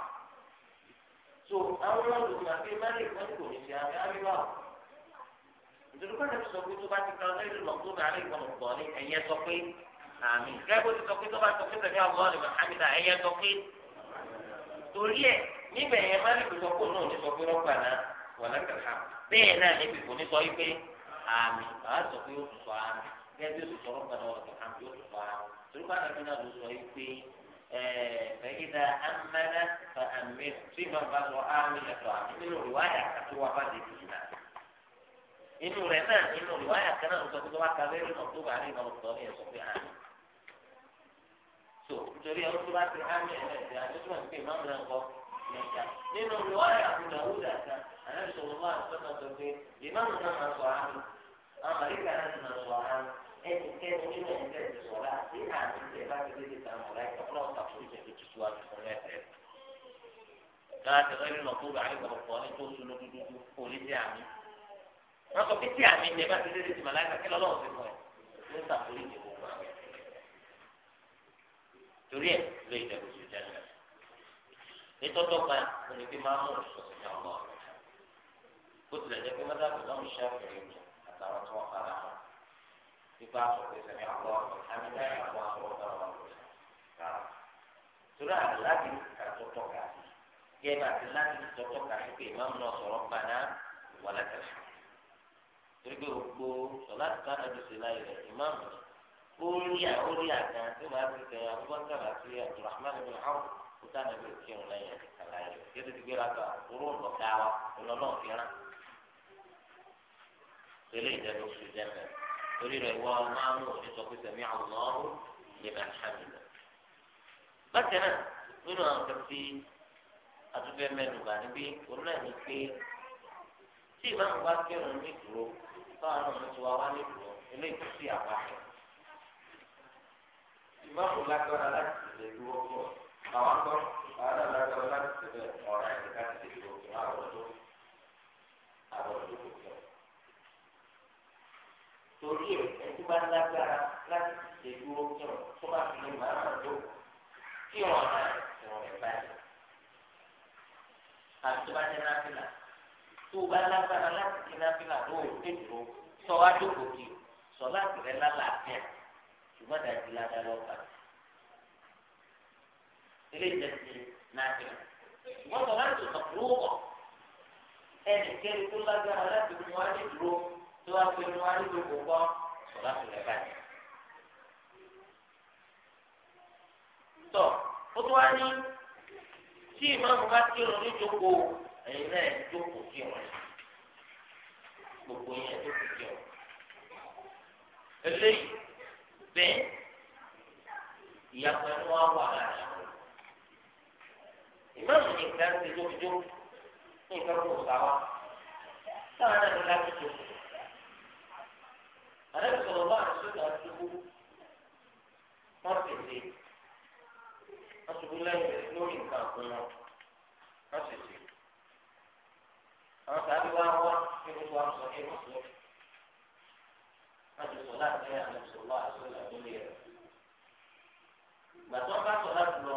so àwọn olùgbàgbé malik wọn kò ní ṣe àmì àríwá o ìdúró kan náà sọ pé tó bá ti kan lẹ́yìn lọ tó bá àárín ìkànnì pọ̀ ní ẹ̀yẹ sọ pé àmì gẹ́gẹ́ bó ti sọ pé tó bá sọ pé tẹ̀lé àwọn ọ̀rẹ́ mọ̀hámídà ẹ̀yẹ sọ pé torí ẹ̀ níbẹ̀ yẹn malik sọ pé òun ò ní sọ pé rọ́pà náà wọ̀ lẹ́kàlá bẹ́ẹ̀ náà níbi kò ní sọ pé àmì bàá sọ pé ó sọ àmì gẹ́gẹ́ bí ó tù sọ náà wọ̀ torí bá dàbí náà ló sọ yìí pé fẹ̀yìdà amẹ́nà fẹ̀ àmì tí bàbá sọ àmì lẹ́tọ̀ àmì nínú ìwádìí àkàtúntò wà bá di tìyí náà inú rẹ̀ náà nínú ìwádìí àkàtúntò náà ló sọ pé wọ́n kà lẹ́rìí náà tó bá rí náà sọ ní ẹ̀sọ́ pé àmì tó nítorí àwọn tó bá ti àmì ẹ̀rẹ̀ àti tó ń pè má mìíràn kọ mẹ́ta nínú ìwádìí àkùnà wúdà kan àná ìṣòwò máa sọ e che non ci mette isolati, anzi che va a visitare un letto pronto, così che ci si vuole grazie a noi non può fare un po' tu sono tutti poliziotti. Ma so che ti ami, ne va a vedere di malata che la lotta poi. Non sta politico qua. Torí ẹ̀ lè jẹ́ kó sùn jẹ́nu. Nítọ́tọ́ kan, mo con il primo amore ìṣòṣì náà lọ. Bó tilẹ̀ jẹ́ pé mọ́tàbí náà ń ṣàfihàn ìjọ àtàwọn tí wọ́n a hàn. ipa sọ̀rọ̀ sẹ́mi àgbọ̀ àmì náà àgbọ̀ àgbọ̀ ọ̀tọ̀rọ̀ ọ̀tọ̀rọ̀. Sura láti ka tọ́tọ̀ ka sí. Gẹ́gẹ́ àti láti tọ́tọ̀ ka sí pé ìmáàmù náà sọ̀rọ̀ gbaná wà látàlá. Torí pé gbogbo sọ̀lá ti káná ju sí láyé rẹ̀ ìmáàmù ni. Ó rí à ó rí àga tí wàá ti tẹ̀ Abubakar àti Abdulrahman bin Awf kó tá nàbẹ̀ kírun lẹ́yìn àti kàláyé. Yẹ́tù ti gbéra ká oró ń lọ ká wa, ọ̀nà náà fi rán. Tẹ́lẹ̀ ìjẹ́ ló fi تريد الله معنا وحيث أقول سميع الله لمن حمد بس أنا من أنا كفتي أتوقع من مغانبي قلنا نكفي سي ما هو باكر من مكرو فأنا مسواوا مكرو إلي كفتي أباكر ما هو لكرا لك لدوه كوانكر فأنا لكرا لك لدوه كوانكر لكرا لك لدوه كوانكر torí ẹ̀ ẹtí bá lágbára láti ṣe dúró kí wọn tó bá fi lè máa hàn ló kí wọn náà ìwọ̀n rẹ̀ báyìí. àti tó bá jẹ́ náfìlà tó bá lágbára láti ṣe náfìlà lóòrò tẹ̀dúró sọ wá jókòó kí sọ láti rẹ̀ lálàáfíà ṣùgbọ́n dàbí ládàá lọ́kàn. ilé ìjẹsí náfìlà wọ́n sọ láti sọ̀rọ̀ ẹnì kẹ́rin tó lágbára láti mú wá ní dúró tó wá pé wọn á nílò kó kọ́ sọ̀rọ̀ báyìí. tọ́ ó tún wá ní tí ìmáàmù bá kírun níjókòó ẹ̀yin náà jókòó kírun gbogbo yẹn jókòó kírun. eléyìí bẹ́ẹ̀ ìyàpọ̀ ẹnu wa wà lára ìmáàmù nìkan ti jókòó nìkan kò sáwà sáwà náà ní láti àlẹ́ sọ̀rọ̀ bá àṣìṣe àṣubú wọ́n tètè àṣubú lẹ́yìn lórí nǹkan àgbọ̀n wọn wọ́n tètè. àwọn tàbí wá wá ní gbogbo àwọn sọ̀rọ̀ ẹ̀rọ sọ̀rọ̀ wọ́n ti sọ̀rọ̀ láti ẹ̀yà àlẹ́ sọ̀rọ̀ bá àṣìṣe àṣubú yẹn. gbàtọ́ bá sọ̀rọ̀ láti lọ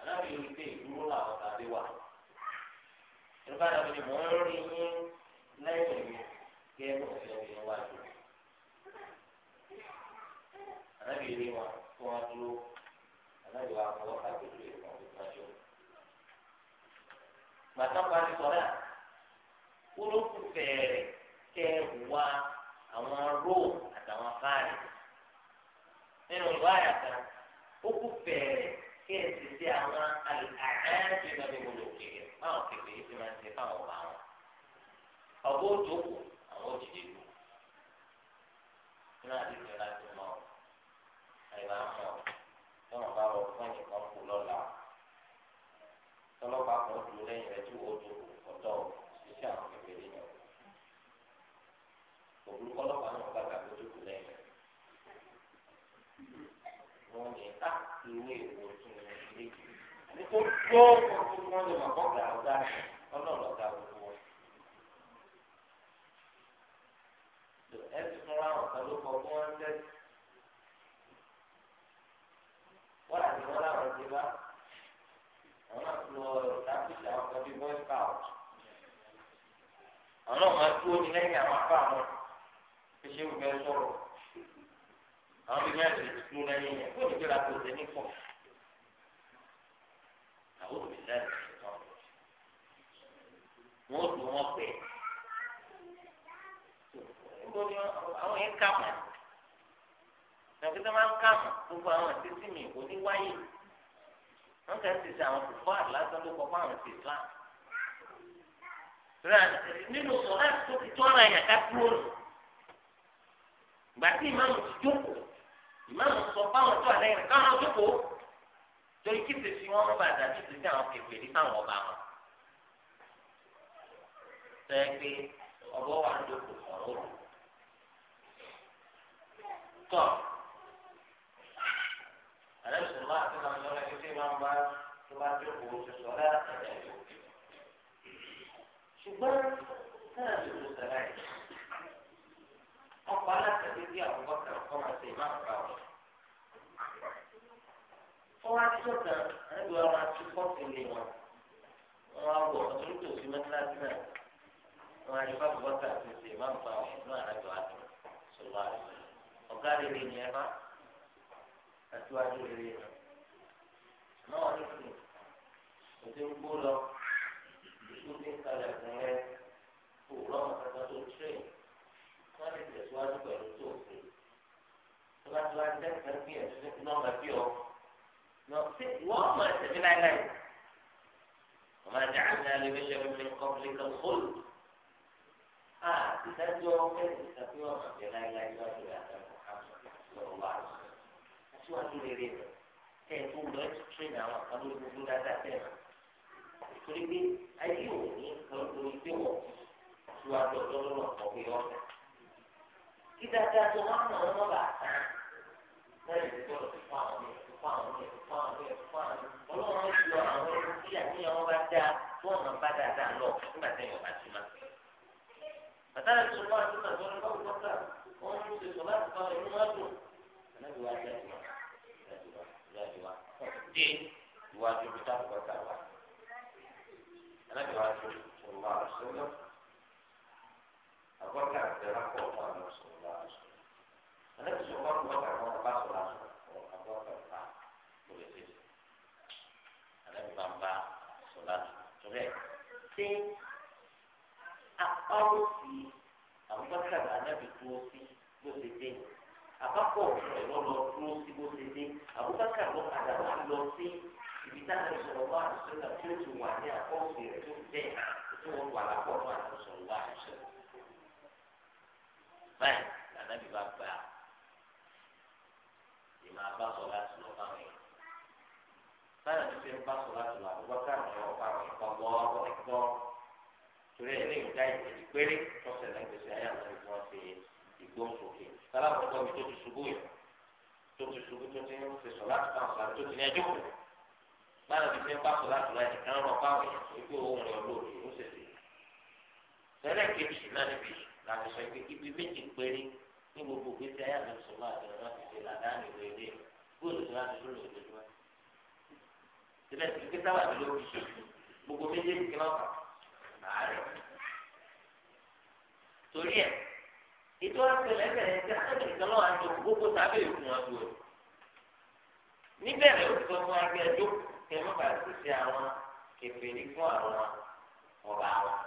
alábìyẹn wípé ìdúró làwọn tàbí wà. ìrọ̀bá dàbí ni mò ń rí yín lẹ́yìn mi kí ẹ ànábì rí wọn tí wọ́n dúró ànábì wa kọ́ lọ́ka pẹ̀lú ìwọ̀n tó tán ṣe. gbàtà parí sọ́dà kúlókù fẹ̀rẹ̀ kẹ́ wá àwọn róò àtàwọn fáàlì nínú ìwà àyàtà ó kú fẹ̀rẹ̀ kẹ́ ẹ̀ sì sí àwọn àlàáńtì ìgbàgbé wọlé òkè rẹ̀ báwọn kẹfẹ́ yìí ti máa ń ṣe fáwọn ọba wọn. ọ̀bọ̀ òjò kù àwọn òjìjì lù. ní àdìsí ọ̀la tó àìmọ̀ àmọ́ tí wọ́n bá rọ fún ẹnìkan kù lọ́la tọ́lọ́pàá kan dúró lẹ́yìn rẹ̀ tí wọ́n dúró ọ̀dọ́ ṣíṣe àwọn kékeré yẹn òbúrú kọ́lọ́pàá náà bá gbàgbé dúró lẹ́yìn wọ́n ní á ìwé ìwò tún ní ilé nítorí tó kọ́kọ́ wọ́n lè mọ̀ kọ́kọ́ àgbà ọlọ́ọ̀lọ́ ga gbogbo wọn. ẹ ti fún wa ọ̀kan ló kọ fún wọn tẹ́sí. yorùbá àwọn náà tún lọ tábìlì boy scout àwọn náà máa dúró ní àwọn afá wọn fi ṣe wùgbẹ́ sọ̀rọ̀ àwọn bíi mẹ́rin lè dúró lẹ́yìn yẹn kó o ní tó ṣe ní pọ̀ àwọn òbí lẹ́yìn wọn ò dùn wọn pẹ̀ àwọn yẹn kà mọ́ ẹ̀kútẹ́ máa ń kà mọ́ gbogbo àwọn àti sí mi kò ní wáyé wọn kàn ti ṣe àwọn kòkó àlásán ló kọ fún àwọn ti islam nínú sọlá tó ti tọ́ ara yàn ká kúrò nù gbàtí ìmáàmù ti jókòó ìmáàmù sọ fáwọn tó àlẹ́ yẹn káwọn jókòó torí kí tètè wọn bá dàbí tètè àwọn kẹfẹ́ ní káwọn ọba wọn. sẹ́yìn pé ọ̀rọ̀ wà lóko ọ̀rọ̀ rò. tọ́ àlẹ́ sọ̀rọ̀ àti ìlànà lọ́rẹ́ wọn bá tó bá jókòó ṣe sọ lára ẹ̀dá ìlú. ṣùgbọ́n náà ló ló sọ̀rọ̀ yìí. ọkọ̀ aláṣẹ bí àwọn bọ́tà ọkọ̀ máa ṣe máa fà wọ́n. wọ́n á tó kan ẹ̀rọ àwọn atukọ̀ sí ilé wọn. wọ́n á wọ̀ ọ̀tún tòsí mẹ́tíláṣí náà. wọ́n á rí bá bọ́tà ti ṣe máa fà wọ́n náà lájọ àdùn sọ̀rọ̀ àdùn. ọ̀gá rere ni ẹ bá àtiwájú rere náà náà ní sùn kò ti ń gbó lọ ikú ti ń kalẹ̀ fún rẹ kò rọrùn kankan tó tírè wọ́n lè tẹ̀síwájú pẹ̀lú tó fi tó bá tó bá ń dẹ́kun bí ẹ̀ tó fi náà bí ọ wọ́n mọ̀ ẹsẹ̀ mi láéláé wọ́n máa dẹ́ àmì alẹ́bẹ̀ṣẹ̀ mi kọ́ fi kan fóònù a ìdájọ́ mẹ́rin ìsàfihàn àbẹ̀láéláé lọ́dún àtàkùn àti wọ́n ti rere tẹ̀ tó lọ ẹ̀ tún ní àwọn kan lórí gbogbo dáadáa tẹ̀ mọ́. torí pé ayé ò ní kan lórí pé wọ́n tu àjọ lọ́dọ̀ ọ̀pọ̀ pé wọ́n kí dáadáa tó wọ́n mọ̀ wọ́n bá tán lẹ́yìn tó lọ sí fún àwọn mìíràn fún àwọn mìíràn fún àwọn mìíràn fún àwọn mìíràn. ọlọ́run ti lọ àwọn ẹni tí àníyàn wọn bá dáa tó ọ̀nà bá dáadáa lọ nígbà tẹ̀yìn ọ̀bá ti má. bàtà iwájú bí táwọn ọ̀tá wà. Alájọ́wájú ìwà àṣọyọ́. Àbọ̀tà ìjọba pọ̀ fún àwọn ìṣòro àṣọ. Alájọ́wájú wọn kọ́ àwọn ọba sọ̀rọ̀ àṣọ fún àbọ̀tà ìta kò lè ṣe. Alájọ́wájú wọn bá sọ̀rọ̀ àṣọ. Tọ́lẹ̀ ṣé apá òsì àbúkọ́tà ànábì dúró sí ló ṣe dé? Àbápọ̀ ọ̀rọ̀ lọ dúró sí bó ṣe dé? Àbúkọ́tà ló padà wá lọ sí táwọn ìṣòro wà lọ́sọ̀rọ̀ tí ó ti wà ní àkọ́sí rẹ̀ tó dé hàn tó wọ́n wà lápọ̀ tó àwọn ìṣòro wà báyìí lànàbí bá gba ìmọ̀ abáṣọ láti lọ báwọn yẹn. báyìí ló fi ń báṣọ láti lọ àbúgbọ́ káwọn ẹ̀rọ báwọn yẹn kọ́ gbọ́ ọ̀rọ̀ ẹ̀kọ́ torí ẹ̀ ní ìdá ìgbèjì péré tó ṣẹlẹ̀ gbèsè ayé àwọn ìgbà báyọ̀ fi fi ń pàṣẹ láti lọ ẹnìkan rọ báwọn èèyàn pé kí òun rẹ olóòtú ó sì sí. sẹ́lẹ̀ kejì náà níbi láti sọ pé ibi méjì péré ní gbogbo gbèsè ayé àti sọ̀rọ̀ àti ọ̀nà ti ṣe làdáni ìwé ilé bóòlù tí wọ́n ti lò lóde lọ́wọ́. sílẹ̀ tí pé sábà ló fi ṣe gbogbo méjèèjì kí wọ́n fà àárẹ̀. torí ẹ̀ ètò àtẹlẹ́ bẹ̀rẹ̀ ti kí ẹni bá ti ṣe àwọn kẹfẹ́rí fún àwọn ọba wọn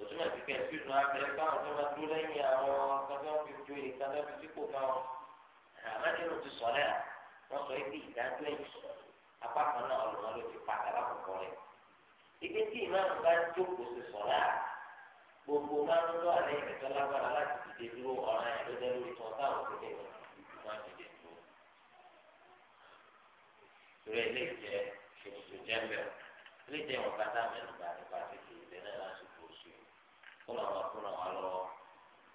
òtún àti pé ẹtú ìnú abẹ káwọn tó máa dúró lẹ́yìn àwọn ọkọọkọ fi ju ìka náà fi dípò kan ọ àmàdínú ti sọ lẹ́yà wọ́n sọ ibi ìdájọ́ yìí apá kan náà ọ̀nà ló ti padà lákòókò rẹ̀ ibi tí ìmáàmù bá jókòó ti sọ lẹ́yà gbogbo máa ń lọ àlẹ́ ìrẹ̀tọ́ lágbára láti dìde dúró ọ̀ràn ẹ̀ ló dé lórí tó ọ̀tá òkú dé wọn máa dìde dúró. ìrẹ̀lẹ̀ jẹ́ ètùtù jẹ́ńbẹ̀ ilé jẹ́ ìwọ̀n bá dá mẹ́rin gbà nípa àtẹ̀tẹ̀ ìbẹ̀ náà lásìkò oṣù kó làwọn fúnra wa lọ́wọ́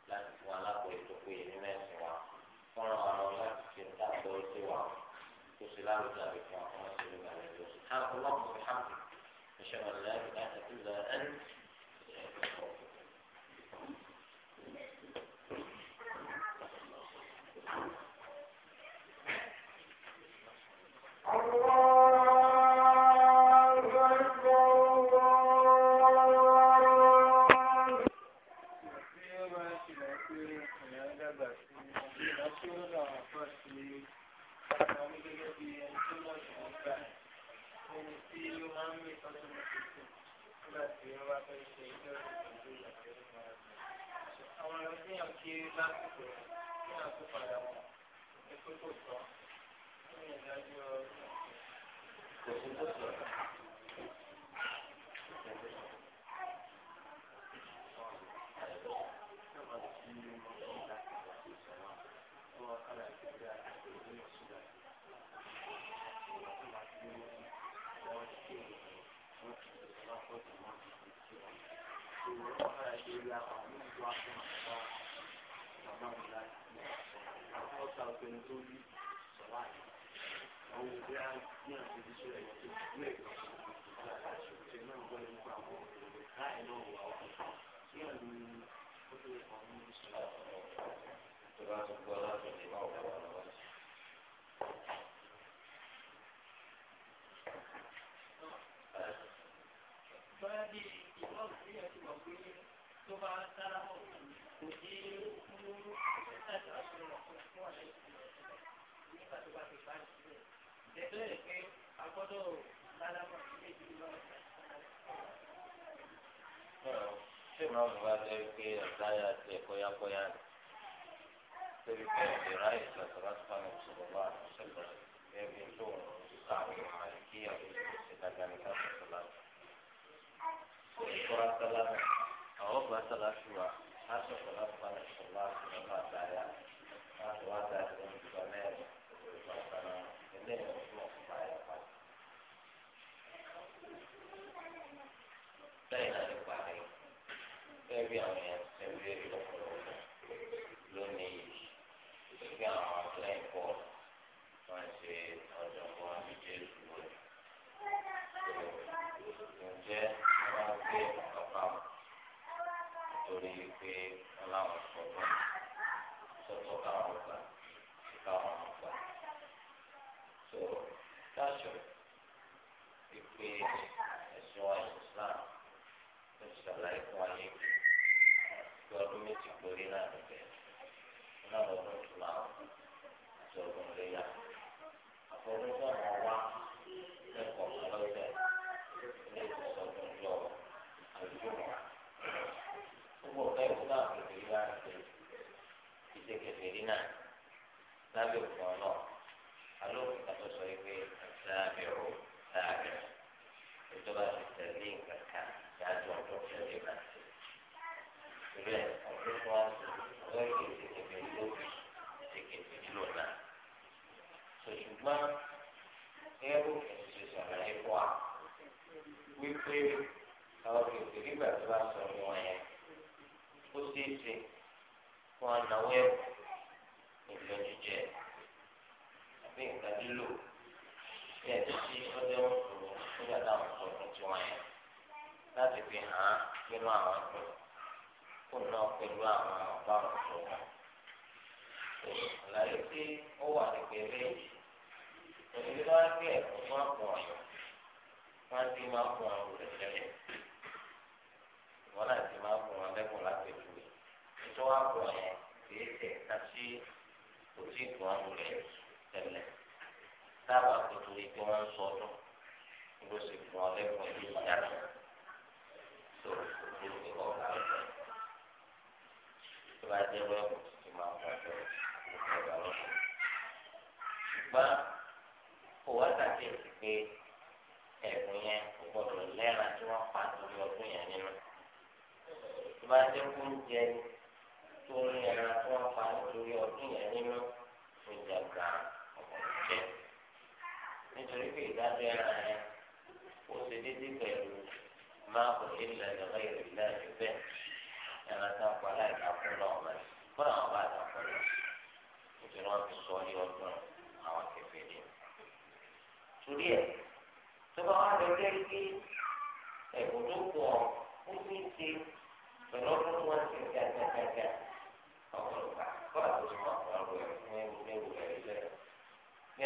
láti fún alákòó ètò péye nínú ẹ̀sìn wa fúnra wa lọ́wọ́ láti fi dàgbọ́ ètò wa kó sì láwùjọ àbí fún akọ́mọ́ sí ìlú balẹ̀ lọ́sùn. 然后后来就来花，你抓什么花？然后来，然后找别人租地种来，然后人家一年四季就是月光，然后开始，前面不能干活，太累了，然后你出去打工，吃老本，就把这个那些。ṣé màá bá jẹ́ pé ọ̀tá yà ti ẹ̀kọ́yákọ́yá ni torí pé ọ̀dẹ̀ ráyè sọ̀tọ̀ láti fún àwọn ìṣòro bá àwọn ìṣẹ̀lẹ̀ ẹ̀bí tó ń ka àwọn ọmọ àti kí àwọn ìṣẹ̀lẹ̀ ṣe dáadáa nípa ìṣẹ̀lẹ̀ láti. Ìṣòro àtàlà náà àwọn ọgbà sọlá sí wa á sọ sọlá sọlá sọlá sọlá àtàyà á sọ wá dáa sí ìgbà mẹ́rin ìgbà kan ẹgbẹ́ ìwọ̀n fún ọ̀pá ẹ̀ pa. lẹ́yìn náà ní parí bẹ́ẹ̀ bí àwọn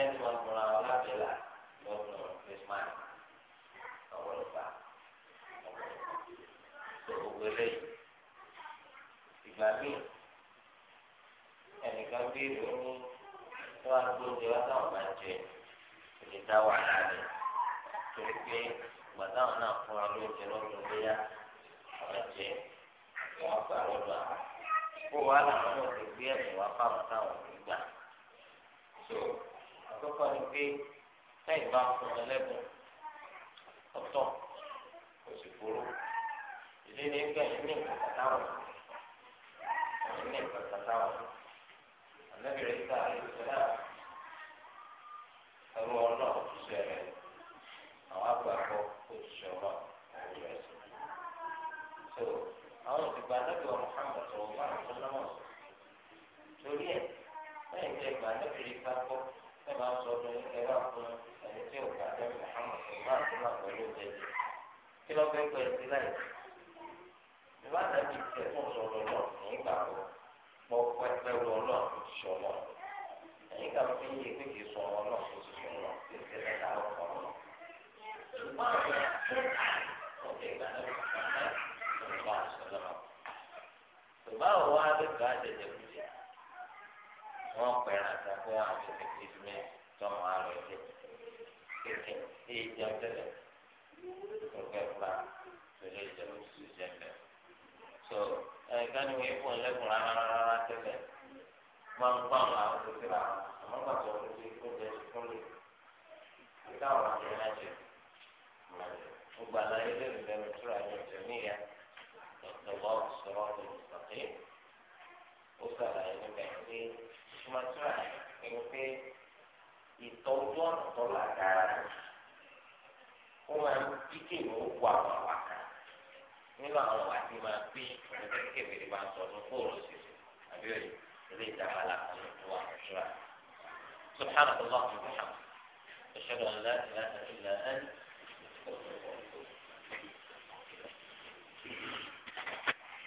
ẹni wọn múra wọn lábẹ́ là lọ́dún christmas ọ̀pọ̀lọpọ̀ ọ̀pọ̀lọpọ̀ gbogbo eléyìí ìgbà míì ẹnìkan bí ìròyìn tó wà lóde wá táwọn máa jẹ èdè dá wàhálà rẹ̀ torí pé ìgbà táwọn náà fúnra lóde lọ́dún léyà àwọn jẹ wọn gbà lọ́dọ̀ àwọn kó wàhálà wọn náà ti gbé ẹ̀sìn wá fáwọn táwọn. pé sẹ́yìn bá fún ọ lẹ́bùn ọ̀tọ̀ kò sì ìdí ni pé ẹ̀yin ní nǹkan kàtà wọn ẹ̀yin ní nǹkan kàtà wọn ànábìrẹ́ sáà kí ló fẹ́ pẹ́ sí láì ìwádìí àti ìtẹ̀kùn sọ̀rọ̀ náà ẹ̀yìn gbàgbọ́ mọ pẹ́pẹ́ wọ náà kò ti sọ̀rọ̀ ẹ̀yìn gbàgbọ́ fi yé pé kì í sọ̀rọ̀ náà kò ti sọ̀rọ̀ tẹ̀sẹ̀ lẹ́ta ọkọ̀ náà. ṣùgbọ́n àwọn ọ̀gá ìgbà náà kò fà náà náà. ṣùgbọ́n àwọn wa ló gbà á jẹjẹ kùjẹ. wọ́n pẹ̀rẹ̀ àtàkùn àwọn ìfẹ̀kìtìmẹ̀ tọ́mọ àrọ̀ ẹ̀jẹ̀ kékeré ẹgbẹ́ pa tẹ̀lé ìjẹun sí ìjẹun so ẹ̀ka ni wọ́n fún ẹlẹ́kùn rárá rárá tẹ́lẹ̀ wọ́n ń pọ́n àwọn òṣèlú ra àwọn pàtó òṣèlú tó jẹ́ ìfúnlẹ̀ nígbà wọn àti ẹ̀rọ jẹ gbogbo àlàyé lè rìn lẹ́nu tó ra ẹ̀jẹ̀ tó níyà lọ́wọ́ sọ̀rọ̀ tó ń sọ̀tẹ́ ó sàlàyé nígbà pé ìṣúná tó rà ẹni pé ìtọ́jú ọ̀nà tó là dára ó máa ń kíkì ní òkú àwọn àwàkà nínú àwọn àwà tí máa gbé ẹgbẹ́ kékeré máa sọ ọdún fóònù ṣiṣẹ́ àbí òye ilé ìjàmbá làkàn ní ìlú àwọn سبحانك اللهم وبحمدك أشهد أن لا إله إلا أنت